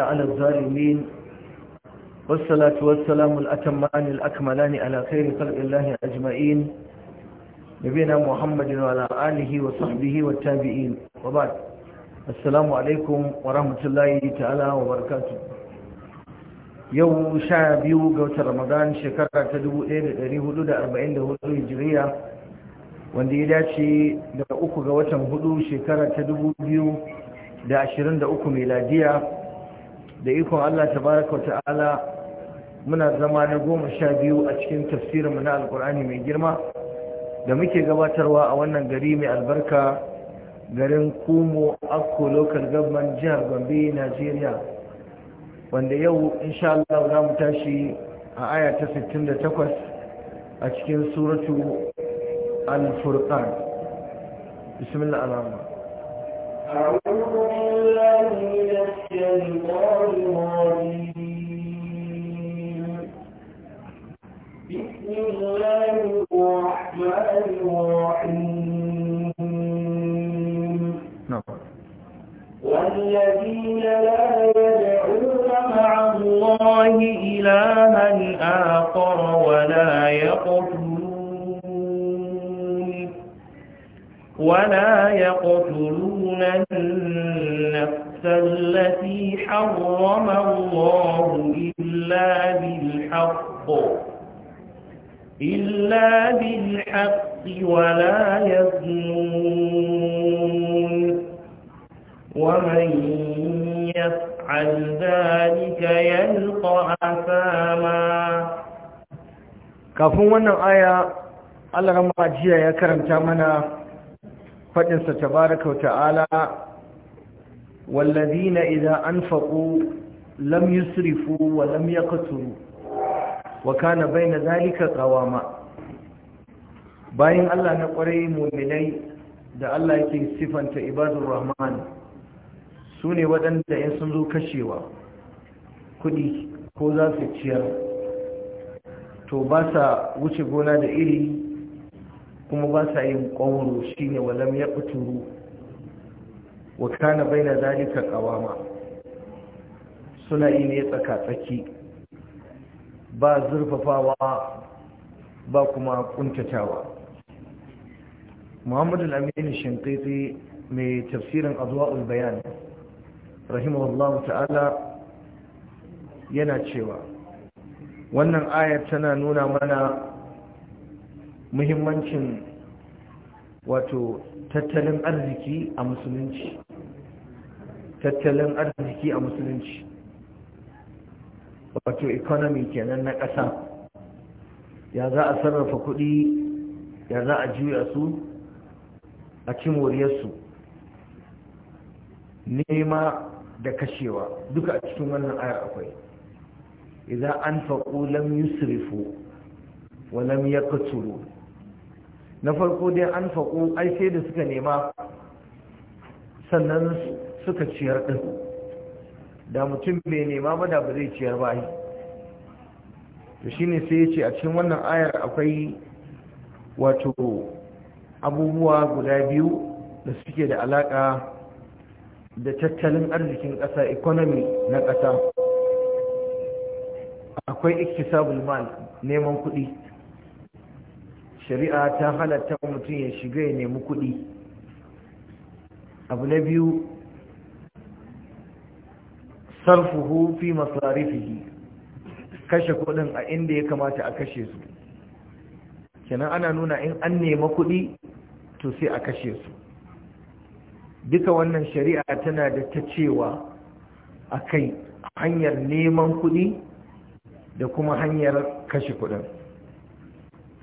على الظالمين والصلاة والسلام الأتمان الأكملان على خير خلق الله أجمعين نبينا محمد وعلى آله وصحبه والتابعين وبعد السلام عليكم ورحمة الله تعالى وبركاته يوم شعبي قوت رمضان شكرا تدو إيري هدود أربعين هدود هجرية wanda ya dace da uku ga watan hudu shekara ta dubu biyu da ashirin da uku meladiya da ikon Allah tabaraka wa ta'ala muna zama na goma sha biyu a cikin tafsirinmu na alkur'ani mai girma da muke gabatarwa a wannan gari mai albarka garin kumo akko local government jihar gombe nigeria wanda yau insha Allah za mu tashi a aya ta 68 a cikin suratu al-furqan bismillah الشيطان الرجيم بسم الله الرحمن الرحيم والذين لا يدعون مع الله إلها آخر ولا يقتلون ولا يقتلون النفس نفس التي حرم الله إلا بالحق إلا بالحق ولا يزنون ومن يفعل ذلك يلقى أثاما kafin wannan aya Allah rama jiya ya karanta mana faɗinsa tabaraka ta'ala والذين إذا أنفقوا لم يسرفوا ولم يقتلوا وكان بين ذلك قواما باين الله نقري مؤمني da Allah yake sifanta ibadur rahman su ne waɗanda in sun zo kashewa kuɗi ko za su ciyar to ba sa wuce gona da iri kuma ba sa yin ƙwauro shine walam wa kana baina zalika ƙawama. suna yi ne tsaka tsaki ba zurfafawa ba kuma kuntatawa Muhammadu al-Amin mai tafsirin Adwa'ul Bayan rahimahullahu ta'ala yana cewa wannan ayar tana nuna mana muhimmancin wato tattalin arziki a musulunci tattalin arziki a musulunci wato economy kenan na ƙasa ya za a sarrafa kuɗi ya za a juya su a ci moriyarsu nema da kashewa duka a cikin wannan aya akwai idan an faƙo lam yusrifu wa lam yaqtulu na farko dai an faƙo ai sai da suka nema sannan suka ciyar ɗin da mutum bai nema ba da ba zai ciyar ba yi to shi sai ya ce a cikin wannan ayar akwai wato abubuwa guda biyu da suke da alaƙa da tattalin arzikin ƙasa economy na ƙasa akwai iktisabul mal neman kuɗi shari'a ta halatta mutum ya shiga ya nemi kuɗi abu na biyu sarfuhu fi masarifihi kashe kuɗin a inda ya kamata a kashe su kenan ana nuna in an nema kuɗi to sai a kashe su duka wannan shari'a tana da ta cewa a kai hanyar neman kuɗi da kuma hanyar kashe kuɗin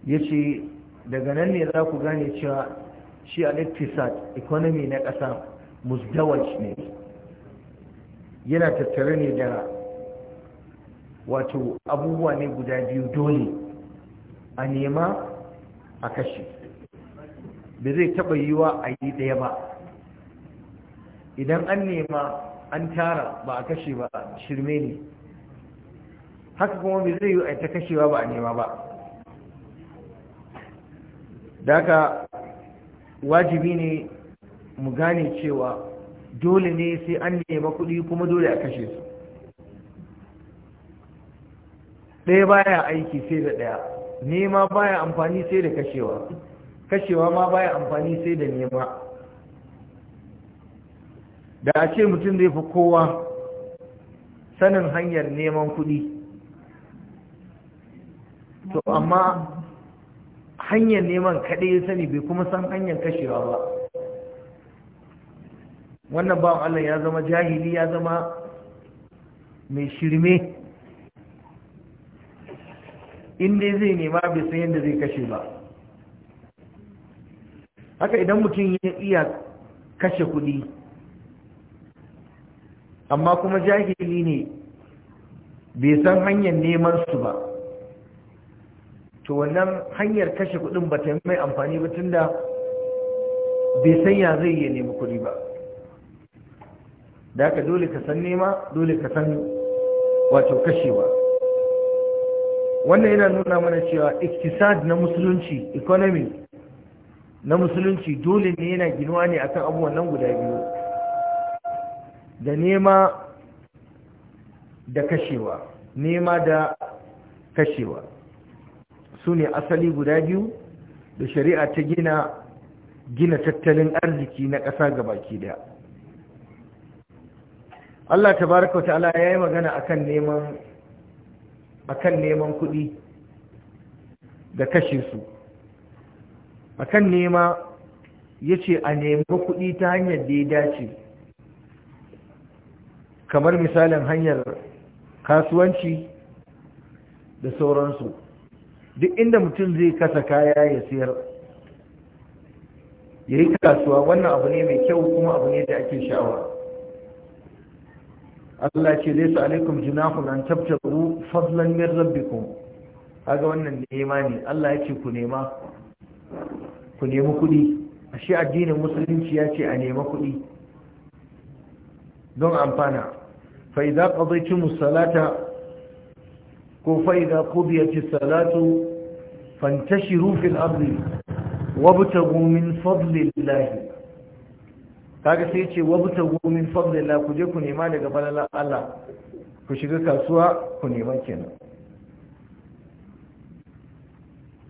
ya ce daga nan ne za ku gane cewa shi a iktisad economy na ƙasa musdawaj ne yana tattare ne da wato abubuwa ne guda biyu dole a nema a kashe ba zai taɓa wa a yi ɗaya ba idan an nema an tara ba a kashe ba shirme ne haka kuma bai zai yi a ta kashewa ba a nema ba daga wajibi ne mu gane cewa dole ne sai an nema kuɗi kuma dole a kashe su ɗaya baya aiki sai da ɗaya nema baya amfani sai da kashewa kashewa ma baya amfani sai da nema da a ce mutum zai fi kowa sanin hanyar neman kuɗi to amma hanyar neman kaɗai ya sani bai kuma san hanyar kashewa ba wannan bawan Allah ya zama jahili ya zama mai shirme inda zai nema bai san yadda zai kashe ba haka idan mutum ya iya kashe kuɗi amma kuma jahili ne bai san hanyar neman su ba to wannan hanyar kashe kudin ba ta mai amfani ba tunda bai san ya zai iya nemi kudi ba da ka dole ka san nema dole ka san wato kashewa wannan yana nuna mana cewa iktisad na musulunci economy na musulunci dole ne yana ginuwa ne akan abubuwan nan guda biyu da nema da kashewa nema da kashewa su ne asali guda biyu da shari'a ta gina gina tattalin arziki na ƙasa ga baki daya Allah tabaraka ta'ala ya yi magana akan neman neman kuɗi da kashe su akan nema ya ce a nemi kuɗi ta hanyar da ya dace kamar misalin hanyar kasuwanci da sauransu duk inda mutum zai kasa kaya ya siyar ya yi kasuwa wannan abu ne mai kyau kuma abu ne da ake sha'awa Allah ce zai su alaikum junahun an tabtaru fadlan min rabbikum kaga wannan nema ne Allah ya ce ku nema ku nemi kuɗi ashe addinin musulunci ya ce a nema kuɗi don amfana fa idza qadaytum salata ko fa'ida qudiyatis salatu fantashiru fil ardi wabtagu min fadlillah kaga sai ce wabtagu min fadlillah ku je ku nema daga falalan Allah ku shiga kasuwa ku nema kenan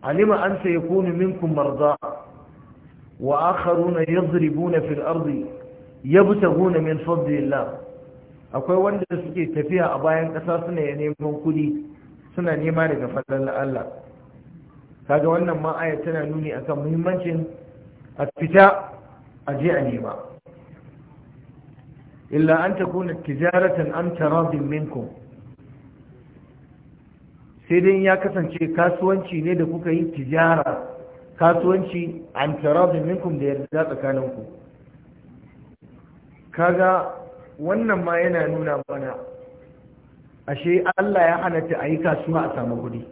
alima an sayakunu minkum marda wa akharuna yadribuna fil ardi yabtaguna min fadlillah akwai wanda suke tafiya a bayan ƙasa suna neman kudi suna nema daga fadlan Allah kaga wannan ma aya tana nuni akan muhimmancin a fita a je a nema illa an takuna tijaratan an taradin minkum sai dai ya kasance kasuwanci ne da kuka yi tijara kasuwanci an tarabin minkum da yarda tsakaninku kaga wannan ma yana nuna mana ashe Allah ya ta a yi kasuwa a samu kudi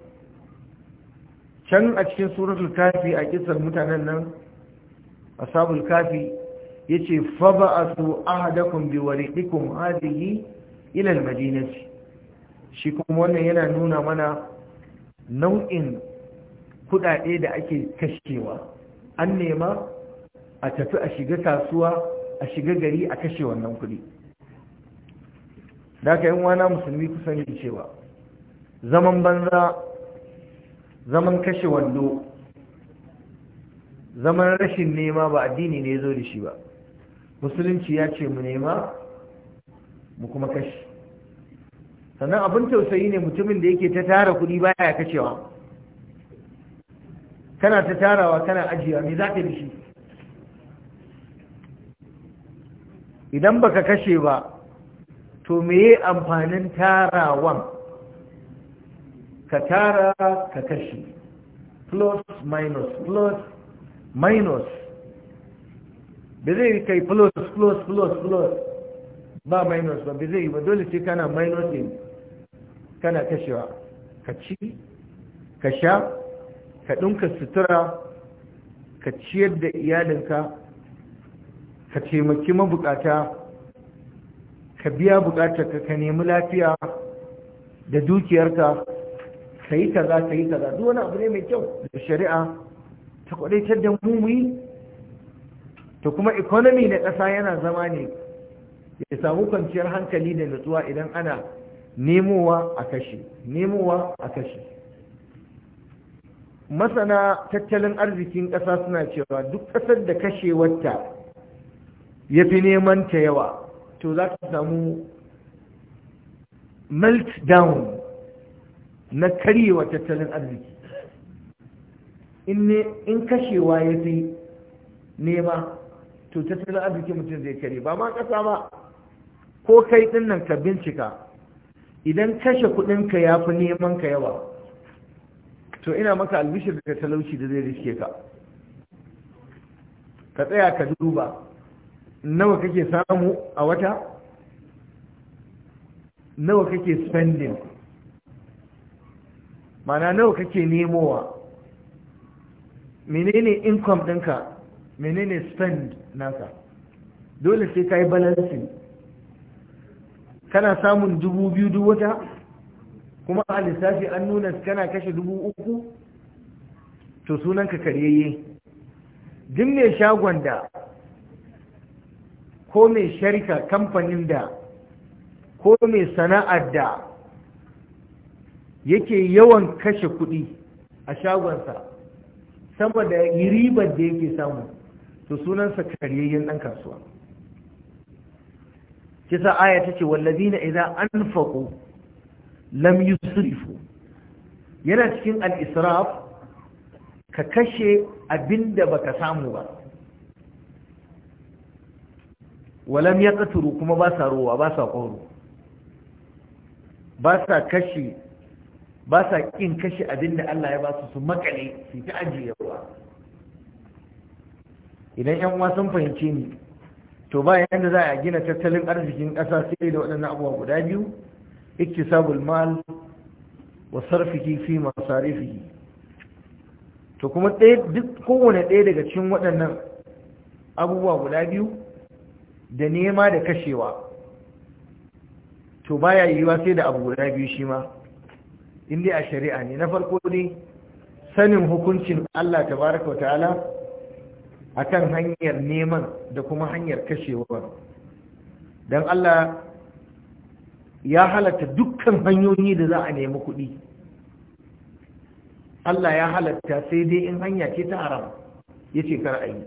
can a cikin suratul kafi a kisar mutanen nan a ashabul kafi ce fa ba'athu ahadakum bi biwari hadhihi ila ilal madinaci shi kuma wannan yana nuna mana nau'in kudade da ake kashewa an nema a tafi a shiga kasuwa a shiga gari a kashe wannan kudi da ka yin wana musulmi kusan cewa zaman banza zaman kashe wando zaman rashin nema ba addini ne ya zo da shi ba musulunci ya ce mu nema mu kuma kashe sannan abin tausayi ne mutumin da yake ta tara kuɗi baya kashewa kana ta tarawa kana ajiyewa me za ka da shi idan baka kashe ba to yi amfanin tarawan ka tara ka kashe plus minus plus minus ba zai kai plus plus plus plus ba minus ba ba zai yi ba dole sai kana minus din kana kashewa ka ci ka sha ka ɗinka sutura ka ciyar da iyalinka ka taimaki mabukata ka biya bukatar ka ka nemi lafiya da dukiyarka ka yi kaza ka yi kaza duk wani abu ne mai kyau da shari'a ta kwadaitar da mummuyi ta kuma economy na ƙasa yana zama ne ya samu kwanciyar hankali da nutsuwa idan ana nemowa a kashe nemowa a kashe masana tattalin arzikin ƙasa suna cewa duk ƙasar da kashewarta ya fi neman ta yawa to za ka samu meltdown na karyewa tattalin arziki in kashewa ya fi nema to tattalin arziki mutum zai kare ba ma ƙasa ba ko kai din nan ka bincika idan kashe kuɗinka ya fi neman ka yawa to ina maka albishir daga talauci da zai riske ka ka tsaya ka duba nawa kake samu a wata nawa kake spending mana nawa kake nemowa menene income ɗinka menene spend naka dole sai ka yi balancing kana samun dubu biyu duk wata kuma a lissafi an nuna kana kashe dubu uku to sunanka karyayye duk ne shagon da ko mai sharika kamfanin da ko mai sana'ar da yake yawan kashe kuɗi a shagonsa sama da ribar da yake samu to sunansa karyayyen ɗan kasuwa kisa aya ta ce wallazina idan an faƙo lam yusrifu yana cikin al israf ka kashe abinda baka samu ba walam ya katuru kuma ba sa ruwa ba sa ƙoro ba sa kashi ba sa ƙin kashe abin da Allah ya ba su su makale su ta ajiyarwa. idan yan uwa sun fahimce ni to ba yanda za a gina tattalin arzikin ƙasa sai da waɗannan abubuwa guda biyu iktisabul mal wa sarfihi fi masarifihi to kuma ɗaya duk kowane ɗaya daga cikin waɗannan abubuwa guda biyu da nema da kashewa to baya yiwuwa sai da abu guda biyu shi ma dai a shari'a ne na farko ne sanin hukuncin Allah tabaraka wa ta'ala akan hanyar neman da kuma hanyar kashewa don Allah ya halatta dukkan hanyoyi da za a nemi kuɗi Allah ya halatta sai dai in hanya ce ta haram ya ce kar a yi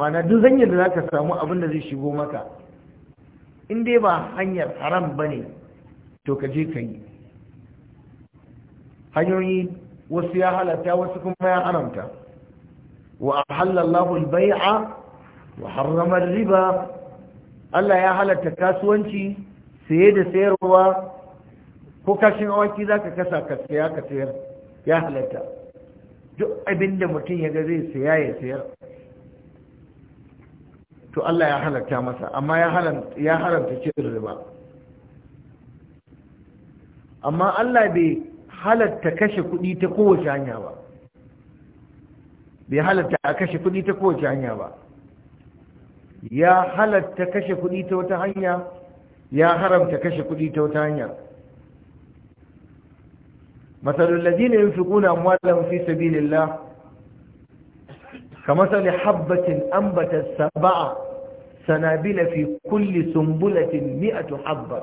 mana duk zanyar da za ka samu abin da zai shigo maka in dai ba hanyar haram ba ne to ka je ka yi hanyoyi wasu ya halatta wasu kuma ya haramta wa halallahu al-bai'a wa harrama riba Allah ya halatta kasuwanci saye da sayarwa ko kashin awaki ka kasa ka saya ka sayar ya halatta duk abinda mutum ya ga zai saya ya sayar to Allah ya halatta masa amma ya haramta cin riba amma Allah bai halatta kashe kuɗi ta kowace hanya ba bai halatta a kashe kuɗi ta kowace hanya ba ya halatta kashe kuɗi ta wata hanya ya haramta kashe kuɗi ta wata hanya matsalin lazina yin fi ƙuna amwalan fi sabilillah كمثل حبة أنبتت سبع سنابل في كل سنبلة مئة حبة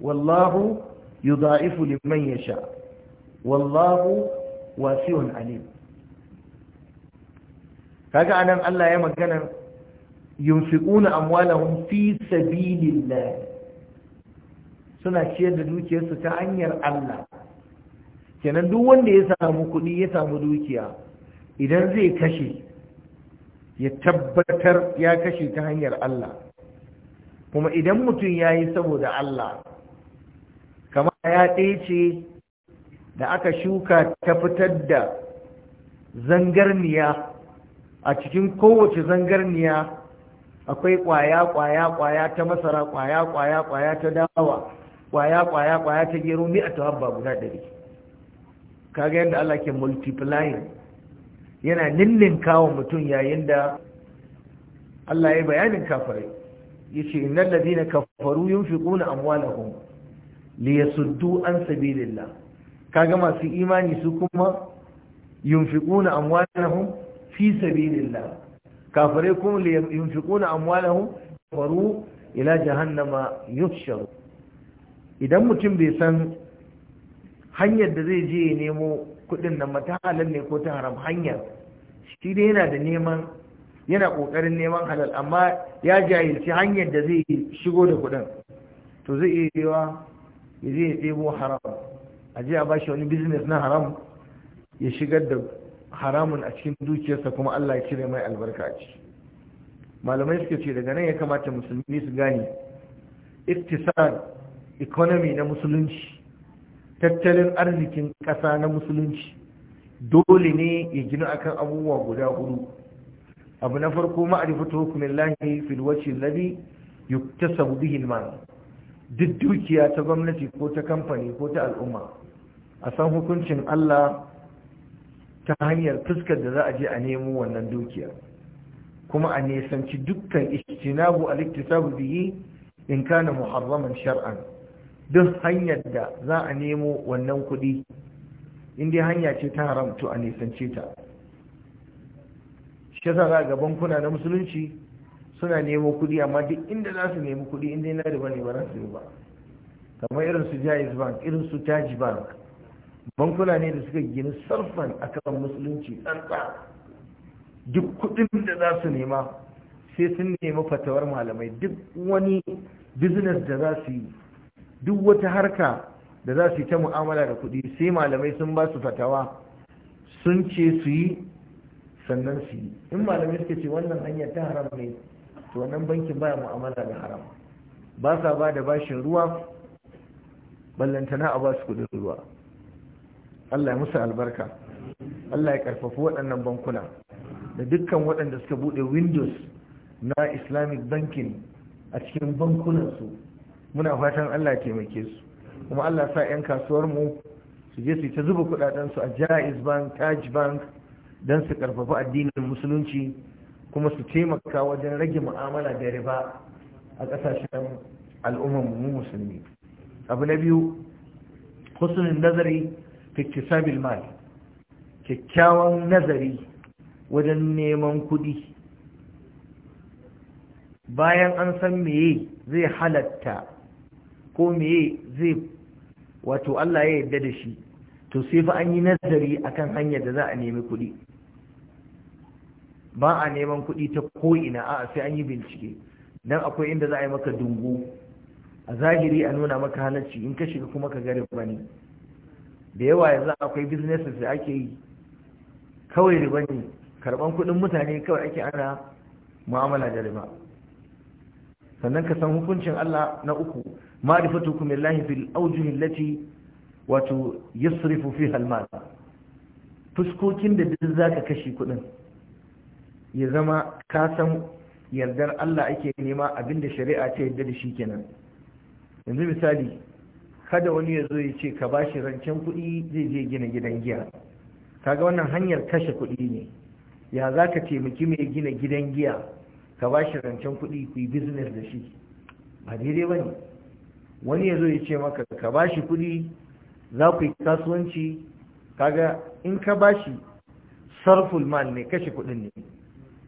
والله يضاعف لمن يشاء والله واسع عليم kaga anan Allah ya magana yunfiquna amwalahum fi sabilillah suna ciyar da dukiyarsu ta hanyar Allah kenan duk wanda ya samu kuɗi ya samu dukiya idan zai kashe ya tabbatar ya kashe ta hanyar Allah kuma idan mutum ya yi saboda Allah kama ya ce da aka shuka ta fitar da zangarniya a cikin kowace zangarniya akwai ƙwaya ƙwaya ƙwaya ta masara ƙwaya ƙwaya ƙwaya ta dawa ƙwaya ƙwaya ƙwaya ta gero ni a babu na ɗari kaga yadda Allah ke multiplying yana ninninka kawo mutum yayin da Allah ya bayanin kafirai yace innal ladina kafaru yunfiquna amwalahum liyasuddu an sabilillah kaga masu imani su kuma yunfiquna amwalahum fi sabilillah kafirai kuma yunfiquna amwalahum faru ila jahannama yuhsharu idan mutum bai san hanyar da zai je ya nemo kuɗin nan mata halal ne ko ta haram hanyar shi dai yana da neman yana ƙoƙarin neman halal amma ya jahilci hanyar da zai shigo da kuɗin to zai iya yiwa ya zai ya ɗebo haram a je a bashi wani business na haram ya shigar da haramun a cikin dukiyarsa kuma Allah ya cire mai albarka a malamai suke ce daga nan ya kamata musulmi su gane iktisar economy na musulunci tattalin arzikin ƙasa na musulunci dole ne ya gina akan abubuwa guda hudu abu na farko ma'arifatu hukumin lahi fil ladi yuktasabu bihi al duk dukiya ta gwamnati ko ta kamfani ko ta al'umma a san hukuncin Allah ta hanyar fuskar da za a je a nemo wannan dukiya kuma a nesanci dukkan ijtinabu al-iktisabu bihi in kana muharraman shar'an duk hanyar da za a nemo wannan kuɗi inda hanya ce ta haram to a nisance ta shi yasa za ga bankuna na musulunci suna nemo kuɗi amma duk inda za su nemi kuɗi inda na riba ne ba za su ba kamar irin su jaiz bank irin su taj bank bankuna ne da suka gini sarfan akan musulunci tsantsa duk kuɗin da za su nema sai sun nemi fatawar malamai duk wani business da za su yi duk wata harka da za su yi ta mu'amala da kuɗi sai malamai sun ba su fatawa sun ce su yi sannan su yi in malamai suka ce wannan hanyar ta haram ne to wannan bankin baya mu'amala da haram ba sa ba da bashin ruwa ballantana a ba su kuɗin ruwa Allah ya musu albarka Allah ya karfafi waɗannan bankuna da dukkan waɗanda suka buɗe windows na islamic banking a cikin bankunansu muna fatan Allah taimake su kuma Allah sa 'yan kasuwar mu su je su ta zuba kudaden su a Jaiz Bank, Taj Bank don su karfafa addinin musulunci kuma su taimaka wajen rage mu'amala da riba a kasashen al'ummar musulmi abu na biyu husnul nazari fi mal kyakkyawan nazari wajen neman kudi bayan an san meye zai halatta ko meye zai wato Allah ya yarda da shi to sai fa an yi nazari akan hanyar da za a nemi kuɗi ba a neman kuɗi ta ko'ina a sai an yi bincike don akwai inda za a yi maka dungu a zahiri a nuna maka halarci in ka shiga kuma ka gari ba ne da yawa yanzu akwai businesses da ake yi kawai riba ne karɓan kuɗin mutane kawai ake ana mu'amala da riba sannan ka san hukuncin Allah na uku ma'rifatukum billahi fil awjuh allati wato yasrifu fiha al-mal fuskokin da duk zaka kashi kudin ya zama ka san yardar Allah ake nema abinda shari'a ta yarda da shi kenan yanzu misali kada wani ya zo ya ce ka bashi rancen kuɗi zai je gina gidan giya kaga wannan hanyar kashe kuɗi ne ya zaka taimaki mai gina gidan giya ka bashi rancen kuɗi ku yi business da shi ba daidai ba ne wani ya zo ya ce maka ka ba shi kuɗi za ku yi kasuwanci kaga in ka ba shi sarful mal ne kashe kuɗin ne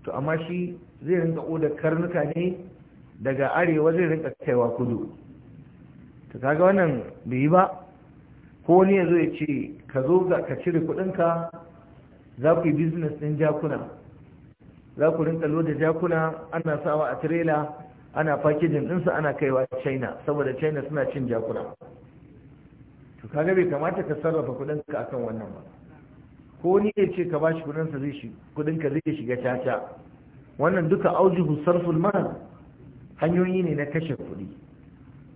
to amma shi zai rinka oda karnuka ne daga arewa zai rinka kaiwa kudu to kaga wannan bai yi ba ko wani ya zo ya ce ka zo ka cire kuɗinka za ku yi biznes ɗin jakuna za ku rinka loda jakuna ana sawa a tirela ana fakijin ɗinsu ana kaiwa china saboda china suna cin jakuna to kaga bai kamata ka sarrafa kudinka akan wannan ba ko ni ya ce ka bashi kudinsa zai shi kudinka zai shiga caca wannan duka aujihu sarful mal hanyoyi ne na kashe kudi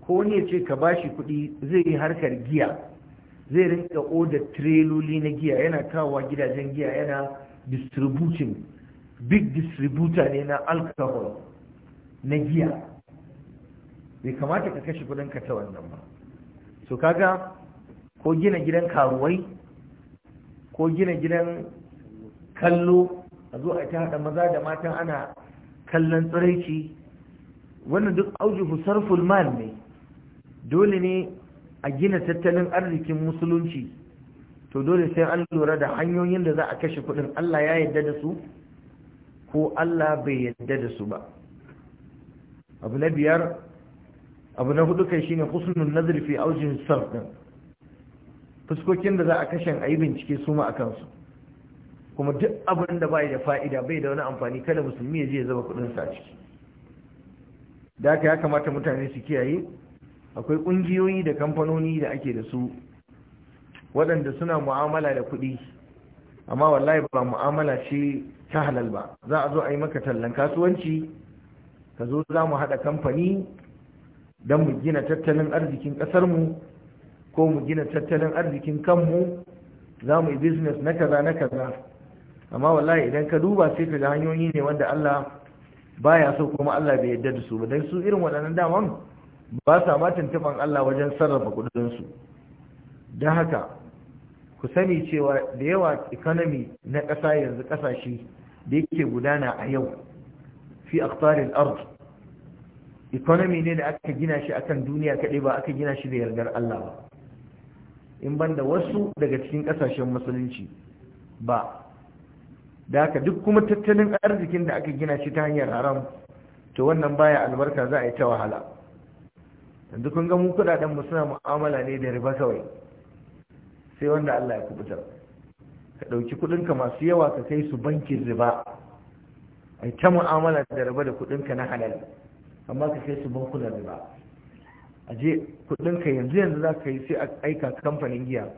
ko ni ya ce ka bashi kudi zai yi harkar giya zai rinka odar treloli na giya yana kawowa gidajen giya yana distributing big distributor ne na alcohol na giya bai kamata ka kashe kudinka ta wannan ba so kaga ko gina gidan karuwai ko gina gidan kallo a zo a ta haɗa maza da matan ana kallon tsiraici wannan duk aujuhu sarful mal ne dole ne a gina tattalin arzikin musulunci to dole sai an lura da hanyoyin da za a kashe kudin Allah ya yadda da su ko Allah bai yadda da su ba abu na biyar abu na hudu kai shine husnul nazari fi aujin sarf fuskokin da za a kashen ayi bincike su ma akan su kuma duk abin da bai da fa'ida bai da wani amfani kada musulmi ya je ya zaba kudin sa ciki da haka ya kamata mutane su kiyaye akwai kungiyoyi da kamfanoni da ake da su waɗanda suna mu'amala da kuɗi amma wallahi ba mu'amala shi ta halal ba za a zo a yi maka tallan kasuwanci ka zo za mu haɗa kamfani don mu gina tattalin arzikin ƙasarmu ko mu gina tattalin arzikin kanmu za mu yi business na kaza na kaza amma wallahi idan ka duba sai ka ga hanyoyi ne wanda Allah baya so kuma Allah bai yarda da su ba dan su irin waɗannan daman ba sa ma tantuban Allah wajen sarrafa kudin su dan haka ku sani cewa da yawa economy na ƙasa yanzu ƙasashe da yake gudana a yau fi al ard economy ne da aka gina shi akan duniya kaɗai ba aka gina shi da yardar Allah ba in banda wasu daga cikin kasashen musulunci ba da haka duk kuma tattalin arzikin da aka gina shi ta hanyar haram to wannan baya albarka za a yi ta wahala yanzu kun ga mu kudaden mu suna mu'amala ne da riba kawai sai wanda Allah ya kubuta ka dauki kudin ka masu yawa ka kai su bankin riba ai ta mu'amala da raba da kuɗinka na halal amma ka kai su bankunan riba a je kuɗinka yanzu yanzu za ka yi sai a aika kamfanin giya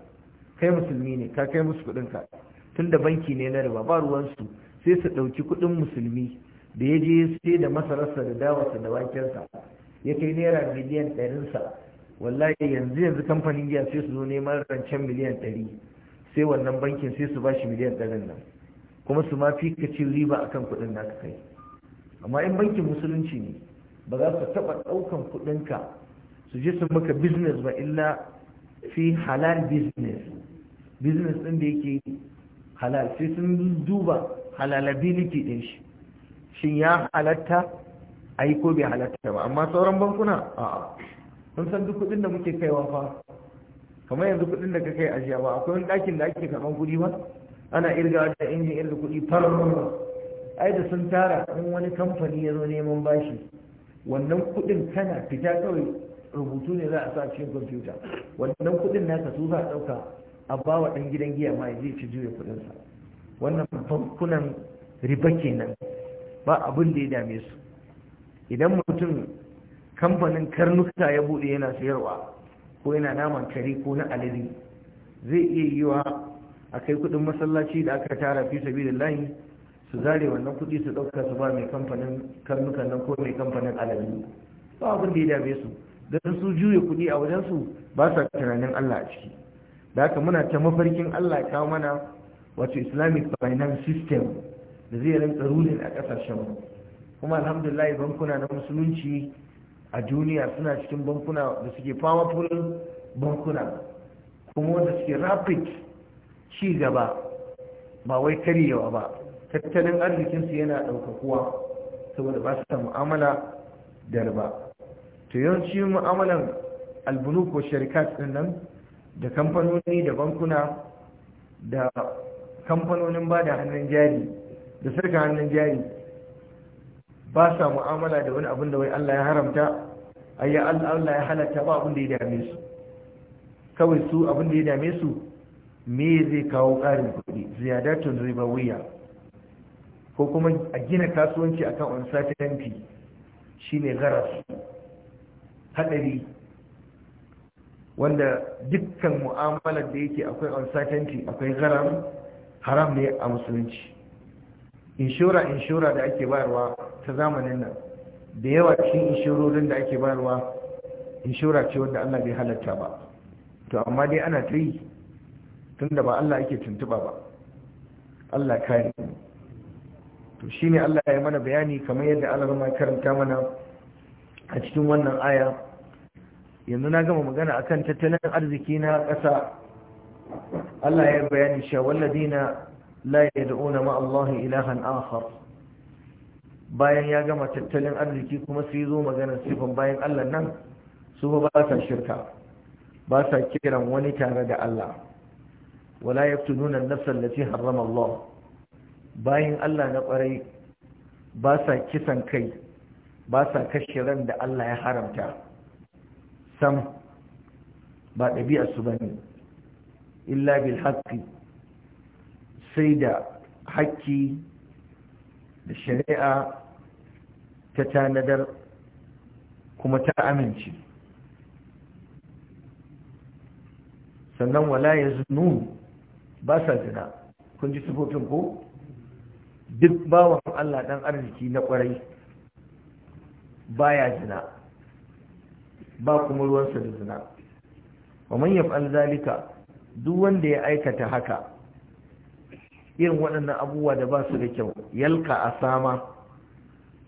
kai musulmi ne ka kai musu kuɗinka tun da banki ne na riba ba ruwansu sai su ɗauki kuɗin musulmi da ya je sai da masararsa da dawarsa da wakensa ya kai naira miliyan ɗarinsa wallahi yanzu yanzu kamfanin giya sai su zo neman rancen miliyan ɗari sai wannan bankin sai su ba miliyan ɗarin nan kuma su ma fi ka cin riba akan kuɗin naka kai amma in bankin musulunci ne ba za su taɓa ɗaukan kuɗinka su je su maka business ba illa fi halal business business ɗin da yake halal sai sun duba halalability ɗin shi shin ya halatta a yi ko bai halatta ba amma sauran bankuna a'a sun san duk kuɗin da muke kaiwa fa kamar yanzu kuɗin da ka kai ajiya ba akwai wani ɗakin da ake karɓan kuɗi ba ana irga da injin irin kuɗi farmar ai da sun tara in wani kamfani ya zo neman bashi wannan kuɗin kana fita kawai rubutu ne za a sa cikin kwamfuta wannan kuɗin na su za a ɗauka a ba ɗan gidan giya ma zai ci juya kuɗinsa wannan bankunan riba kenan ba abin da ya dame su idan mutum kamfanin karnuka ya buɗe yana sayarwa ko yana naman kare ko na alade zai iya yiwa a kai kudin masallaci da aka tara fi da layi su zare wannan kudi su dauka su ba mai kamfanin karnukan nan ko mai kamfanin alamu. ba abin da ya dame su don su juya kudi a wajen su ba sa tunanin Allah a ciki da haka muna ta mafarkin Allah ya kawo mana wato Islamic finance system da zai rinka rulin a kasashen mu kuma alhamdulillah bankuna na musulunci a duniya suna cikin bankuna da suke powerful bankuna kuma wanda suke rapid ci gaba ba wai karyewa ba tattalin arzikinsu yana ɗaukakuwa saboda ba su ta mu'amala da riba to yawanci mu'amalan albunu ko sharikat ɗin nan da kamfanoni da bankuna da kamfanonin ba da hannun jari da sarka hannun jari ba sa mu'amala da wani abin da wai Allah ya haramta ayya Allah ya halatta ba abin da ya dame su kawai su abin da ya dame su me zai kawo ƙarin kuɗi ziyadatun ribawiya ko kuma a gina kasuwanci akan uncertainty shine garas hadari wanda dukkan mu'amalar da yake akwai uncertainty akwai garam haram ne a musulunci inshora inshora da ake bayarwa ta zamanin nan da yawa cikin inshororin da ake bayarwa inshora ce wanda Allah bai halatta ba to amma dai ana ta yi tunda ba Allah yake tuntuba ba Allah kare to shine Allah ya mana bayani kamar yadda Allah ma karanta mana a cikin wannan aya yanzu na gama magana akan tattalin arziki na ƙasa Allah ya bayani cewa walladina la yad'una ma Allah ilahan akhar bayan ya gama tattalin arziki kuma sai zo magana sifan bayan Allah nan su ba sa shirka ba sa kiran wani tare da Allah wala yaqtuluna an-nafsa allati harrama Allah bayin Allah na kwarai ba sa kisan kai ba sa kashe ran da Allah ya haramta sam ba ɗabi'ar su bane illa bil haqqi sai da haƙƙi da shari'a ta tanadar kuma ta amince sannan wala yaznun ba sa zina kun ji sifofin ko duk bawan Allah dan arziki na kwarai baya zina ba kuma ruwansa da zina wa man yaf'al zalika duk wanda ya aikata haka irin waɗannan abubuwa da ba su da kyau yalka a sama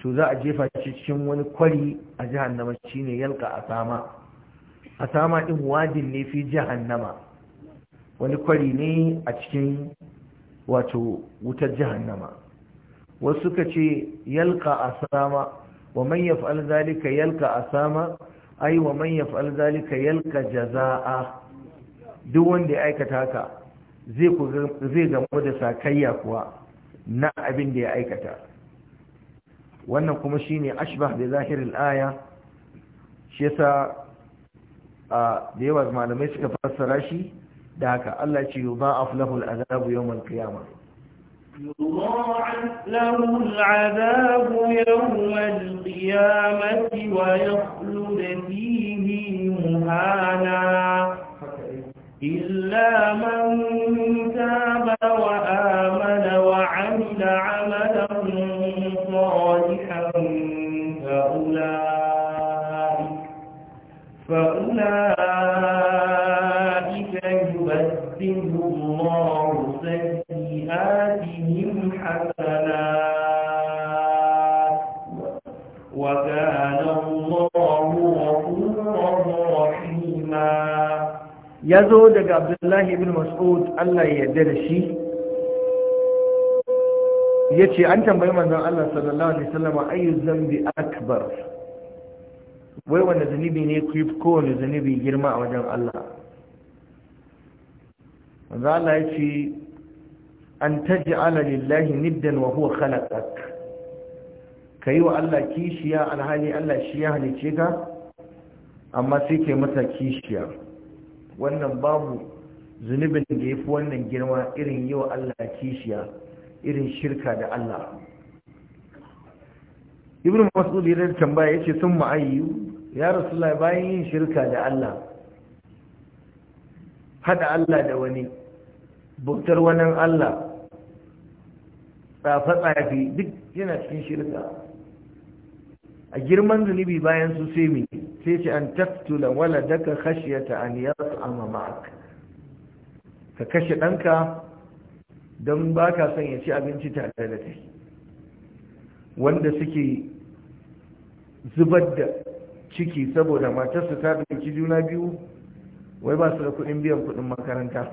to za a jefa cikin wani kwari a jahannama shine yalka a sama a sama din wajin ne fi jahannama wani kwari ne a cikin wato wutar jahannama wasu suka ce yalka a sama! wa man yaf'al zalika yalka sama ai wa man yaf'al zalika yalka jazaa duk wanda ya aikata haka zai gamu da sakayya kuwa na abin da ya aikata wannan kuma shi ne ashbah da zahirin aya shi yasa da yawa malamai suka fassara shi da haka Allah ce yudha'af lahu al'adabu yawm al-qiyamah يضاعف له العذاب يوم القيامة ويخلد فيه مهانا إلا من تاب yazo daga abdullahi Ibn mas'ud Allah ya yarda da shi ya ce an tambayi manzon Allah sallallahu alaihi wasallam ayu zambi akbar wai wanda zunubi ne ku yi kowane zunubi girma a wajen Allah manzon Allah ya ce an taj'ala lillahi niddan wa huwa khalaqak kai wa Allah kishiya alhali Allah shi ya halice ka amma sai ke mata kishiya wannan babu zunubin da ya fi wannan girma irin yi wa Allah kishiya irin shirka da Allah ibn mas'ud ya tambaya ce sun ma'ayyu ya rasu rasulullahi bayan yin shirka da Allah hada Allah da wani buktar wani Allah tsafe duk yana cikin shirka a girman zunubi bayan su sai mai sai ce an taktula waladaka khashyata an yas'ama ma'ak ka kashe ɗanka don ba ka son ya ci abinci tare da kai wanda suke zubar da ciki saboda matarsu ta ɗauki juna biyu wai ba su da kuɗin biyan kuɗin makaranta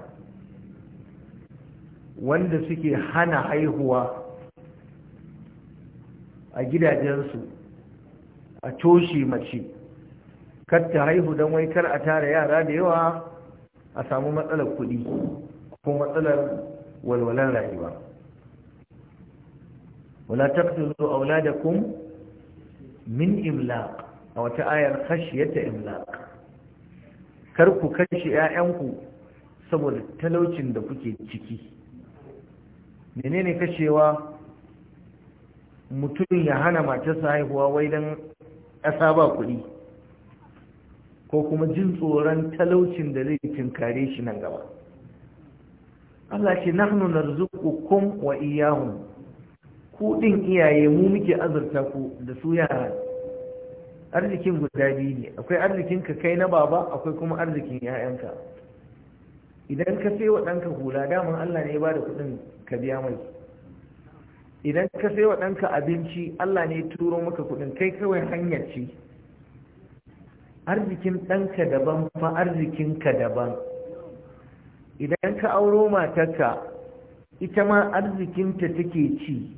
wanda suke hana haihuwa a gidajensu a toshe mace kar ta haihu don wai kar a tara yara da yawa a samu matsalar kuɗi ko matsalar walwalar rayuwa wala taqtulu awladakum min imlaq a wata ayar khashiyata imlaq kar ku kashe 'ya'yanku saboda talaucin da kuke ciki menene kashewa mutum ya hana matarsa haihuwa wai don ƙasa ba kuɗi ko kuma jin tsoron talaucin da zai tunkare shi nan gaba Allah ce nahnu narzuqukum wa iyyahum ku din iyaye mu muke azurta ku da su yara arzikin guda biyu ne akwai arzikin ka kai na baba akwai kuma arzikin 'ya'yanka. idan ka sai wa ɗanka hula daman Allah ne ya bada kuɗin ka biya mai idan ka sai wa ɗanka abinci Allah ne ya turo maka kuɗin kai kawai hanyar ci arzikin ɗanka daban fa arzikin ka daban idan ka auro matarka ita ma arzikinta take ci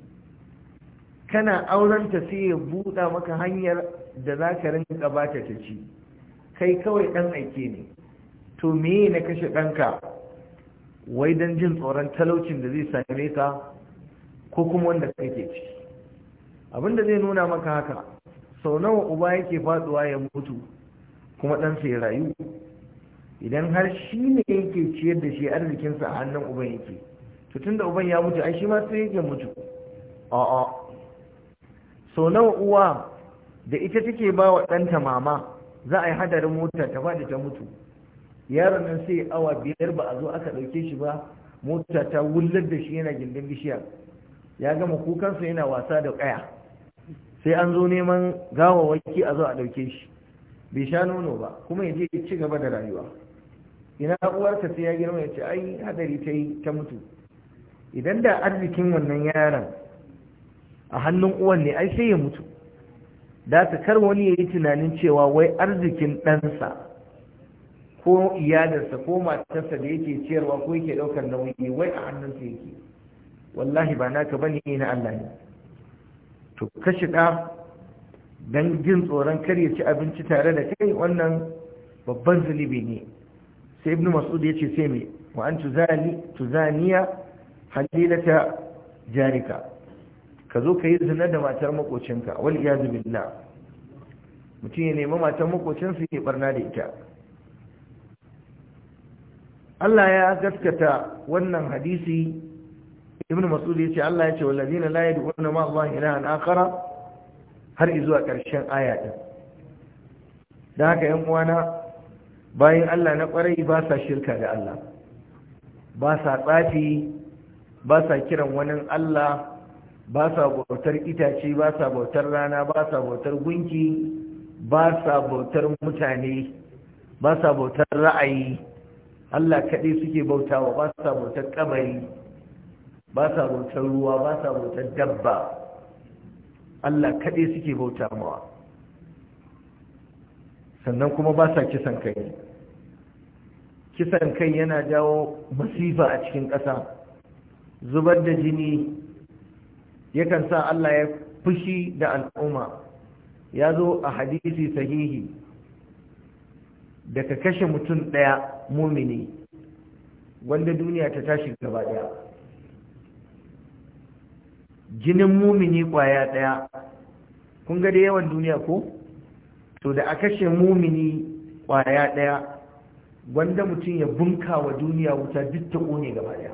kana aurenta sai ya buɗa maka hanyar da za ka rinka ba ta ta ci kai kawai ɗan aike ne to me na kashe ɗanka wai don jin tsoron talaucin da zai same ka ko kuma wanda kake ci abinda zai nuna maka haka sau nawa uba yake faduwa ya mutu kuma ɗansa ya rayu idan har shi ne yake ciyar da shi arzikinsa a hannun uban yake to tun da uban ya mutu ai shi ma sai yake mutu a'a so nawa uwa da ita take ba wa ɗanta mama za a yi hadarin mota ta faɗi ta mutu yaron nan sai awa biyar ba a zo aka ɗauke shi ba mota ta wullar da shi yana gindin bishiya ya gama kukansa yana wasa da ƙaya sai an zo neman gawawaki a zo a ɗauke shi bai sha nono ba kuma ya je ya ci gaba da rayuwa ina uwarsa sai ya girma ya ce ai hadari ta yi ta mutu idan da arzikin wannan yaran a hannun uwan ne ai sai ya mutu da ta kar wani ya yi tunanin cewa wai arzikin ɗansa ko iyadarsa ko matarsa da yake ciyarwa ko yake ɗaukar nauyi wai a hannunsa yake wallahi ba naka bane na Allah ne to kashi ɗa don jin tsoron kar ya ci abinci tare da kai wannan babban zulubi ne sai ibn mas'ud ya ce sai me wa an tuzani tuzaniya halilata jarika ka zo ka yi zina da matar makocinka wal iyazu billah mutum ya nemi matar makocinsa ya barna da ita Allah ya gaskata wannan hadisi ibn mas'ud ya ce Allah ya ce wallazina la yad'una ma'a Allah ilahan akhara har zuwa ƙarshen aya ɗin don haka yan uwana bayan Allah na ƙwarai ba sa shirka da Allah ba sa tsafi ba sa kiran wani Allah ba sa bautar itace ba sa bautar rana ba sa bautar gunki ba sa bautar mutane ba sa bautar ra'ayi Allah kaɗai suke bautawa ba sa bautar ƙabari, ba sa bautar ruwa ba sa bautar dabba Allah kaɗai suke bauta mawa sannan kuma ba sa kisan kai kisan kai yana jawo masifa a cikin ƙasa zubar da jini yakan sa Allah ya fushi da al'umma ya zo a hadisi sahihi daga kashe mutum ɗaya mumini wanda duniya ta tashi gaba ɗaya jinin mumini kwaya ɗaya kun ga da yawan duniya ko to da a kashe mumini kwaya ɗaya wanda mutum ya bunka wa duniya wuta duk ta ƙone gaba ɗaya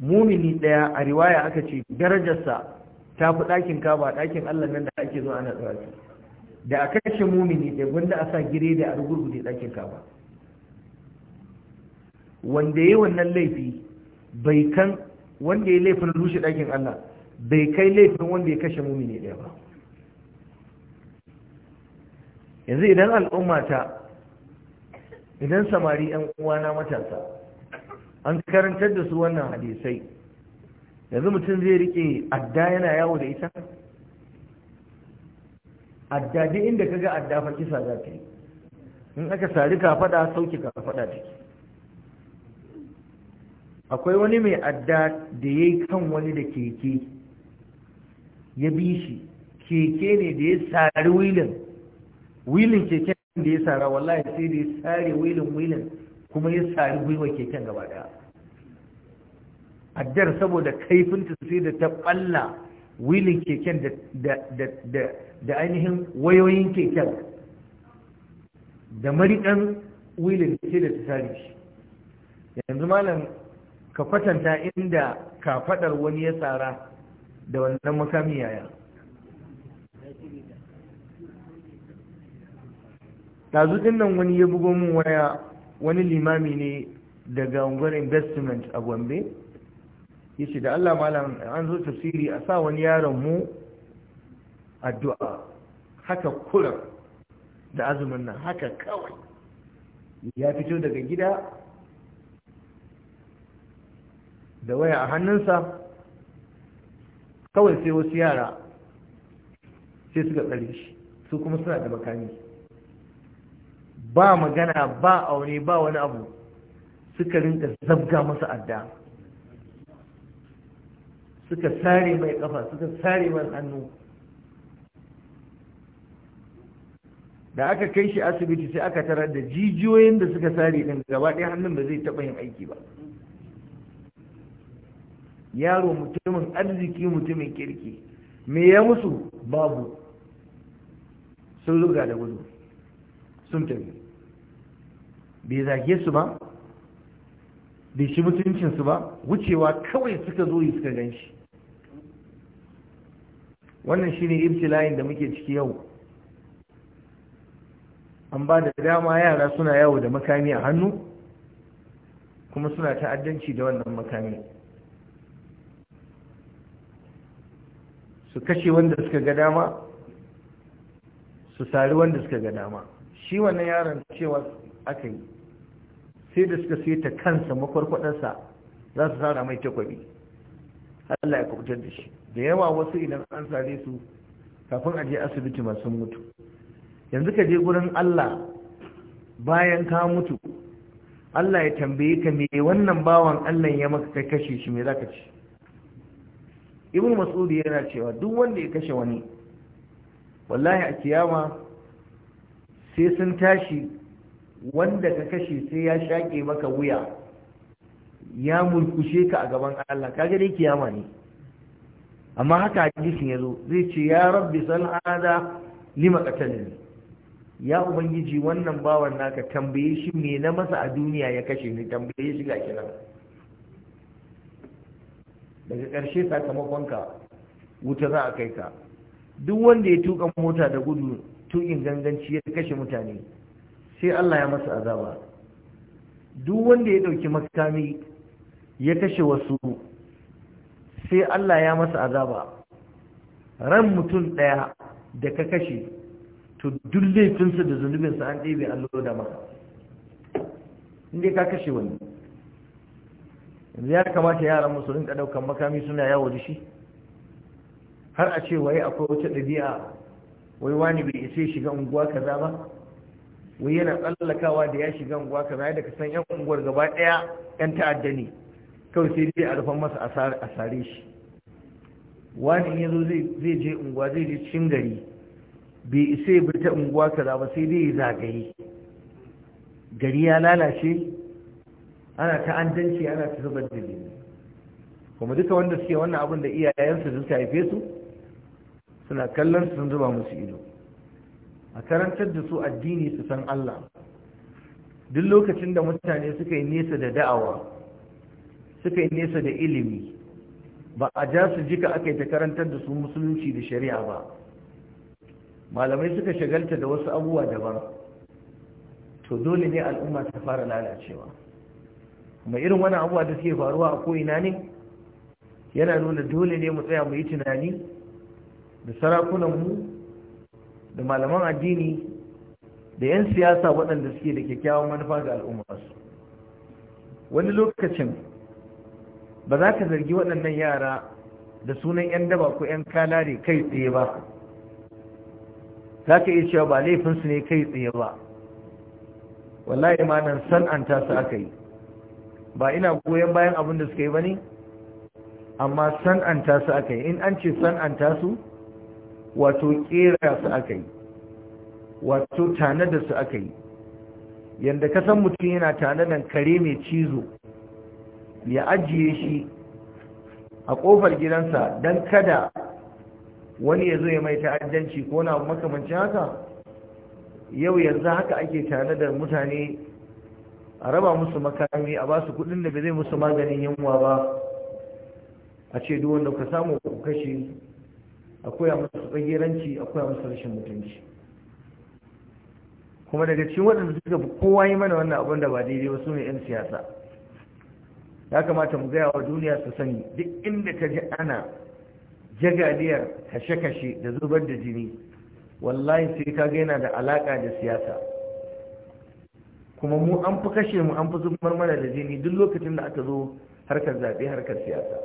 mumini ɗaya a riwaya aka ce darajarsa ta fi ɗakin kaba ɗakin allah nan da ake zo ana shi. da a kashe mumini ɗaya wanda a sa gire da a rugurguje ɗakin kaba wanda ya yi wannan laifi bai kan wanda ya laifin rushe ɗakin Allah bai kai laifin wanda ya kashe mumini ɗaya ba yanzu idan al'umma ta idan samari yan uwana matasa an karantar da su wannan hadisai yanzu mutum zai rike adda yana yawo da ita adda duk inda kaga adda fa kisa za ta yi in aka sari ka fada sauke ka fada take akwai wani mai adda da ya yi kan wani da keke ya bi shi keke ne da ya sari wilin wilin keken da ya sara wallahi sai da ya sari wilin wilin kuma ya sari gwiwa keken gaba daya addar saboda kaifinta sai da ta balla wilin keken da ainihin wayoyin keken da marikan wilin sai da ta tsari. shi yanzu malam ka kwatanta inda ka fadar wani ya tsara da wannan makami yaya ɗazu nan wani ya bugo mun waya wani limami ne daga unguwar investment a gombe ya ce da allah malam an zo tafsiri a sa wani yaron mu addu'a haka kura da azumin nan haka kawai ya fito daga gida da waya a hannunsa kawai sai wasu yara sai suka tsare shi su kuma suna da makami ba magana ba aure ba wani abu suka rinka zabga masa adda suka sare mai kafa suka sare mai hannu da aka kai shi asibiti sai aka tarar da jijiyoyin da suka sare din gaba ɗaya hannun ba zai taɓa yin aiki ba yaro mutumin arziki mutumin kirki me ya musu babu sun zuga da gudu sun tafi bai zage su ba bai shi mutuncinsu ba wucewa kawai suka zo yi suka gan shi wannan shi ne ibtilayin da muke ciki yau an ba da dama yara suna yawo da makami a hannu kuma suna ta'addanci da wannan makami su kashe wanda suka ga dama su sari wanda suka ga dama shi wannan yaron cewa aka yi sai da suka sai ta kansa makwarkwadarsa za su sara mai takwabi Allah ya kubutar da shi da yawa wasu idan an sare su kafin a je asibiti masu mutu yanzu ka je gurin Allah bayan ka mutu Allah ya tambaye ka me wannan bawan Allah ya maka kashe shi me za ka ce. ibn mas'ud yana cewa duk wanda ya kashe wani wallahi a kiyama sai sun tashi wanda ka kashe sai ya shaƙe maka wuya ya mulkushe ka a gaban Allah kaga dai kiyama ne amma haka hadisin zo zai ce ya rabbi sal ada lima qatalani ya ubangiji wannan bawan naka tambaye shi me na masa a duniya ya kashe ni tambaye shi ga kiran daga ƙarshe sakamakonka wuta za a kai ka duk wanda ya tuka mota da gudu tukin ganganci ya kashe mutane sai Allah ya masa azaba duk wanda ya ɗauki makami ya kashe wasu sai Allah ya masa azaba ran mutum ɗaya da ka kashe to duk laifinsa da zunubinsa an ɗebe an loda maka inda ka kashe wani yanzu ya kamata yaran mu su rinka daukan makami suna yawo da shi har a ce waye akwai wata ɗabi'a wai wani bai isa ya shiga unguwa kaza ba wai yana tsallakawa da ya shiga unguwa kaza Yadda ka san yan unguwar gaba ɗaya yan ta'adda ne kawai sai dai a rufan masa a sare shi wani ya zo zai je unguwa zai je cikin gari bai isa ya bi ta unguwa kaza ba sai dai ya zagaye gari ya lalace ana danci, ana ta zubar da jini kuma duka wanda suke wannan abin da iyayensu sun haife su suna kallon su sun zuba musu ido a karantar da su addini su san Allah duk lokacin da mutane suka yi nesa da da'awa suka yi nesa da ilimi ba a ja su jika aka yi ta karantar da su musulunci da shari'a ba malamai suka shagalta da wasu abubuwa daban to dole ne al'umma ta fara lalacewa kuma irin wani abuwa da suke faruwa a ko'ina ne yana nuna dole ne mu tsaya mu yi tunani da sarakunanmu da malaman addini da 'yan siyasa waɗanda suke da kyakkyawan manufa ga al'ummarsu wani lokacin ba za ka zargi waɗannan yara da sunan 'yan daba ko 'yan kalare kai tsaye ba za ka iya cewa ba laifinsu ne kai tsaye ba wallahi ma nan san'anta su aka yi ba ina goyon bayan abin da suka yi ba ne amma san'anta su aka yi in an ce san'anta su wato kera su aka yi wato tanada su aka yi yadda ka san mutum yana tanadan kare mai cizo ya ajiye shi a ƙofar gidansa don kada wani ya zo ya mai ta'addanci ko na makamancin haka yau yanzu haka ake da mutane a raba musu makami a ba su kudin da ba zai musu maganin yunwa ba a ce duk wanda ka samu ku kashe a koya musu tsagiranci a koya musu rashin mutunci kuma daga cikin waɗanda suka fi kowa yi mana wannan abin da ba daidai ba su ne 'yan siyasa ya kamata mu gaya wa duniya su sani duk inda ka ji ana jagadiyar kashe-kashe da zubar da jini wallahi sai ka ga yana da alaka da siyasa kuma mu an fi kashe mu an fi zubar mana da jini duk lokacin da aka zo harkar zaɓe harkar siyasa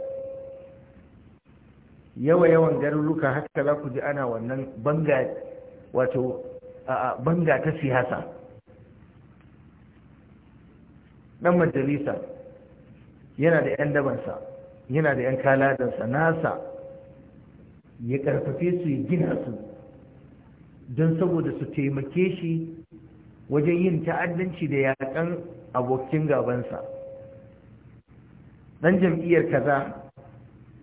yawa yawan garuruka haka za ku ji ana wannan banga wato banga ta siyasa Ɗan majalisa yana da 'yan dabansa yana da 'yan kaladansa nasa ya karfafe su yi gina su don saboda su taimake shi wajen yin ta'addanci da yaƙan abokin gabansa dan jam'iyyar kaza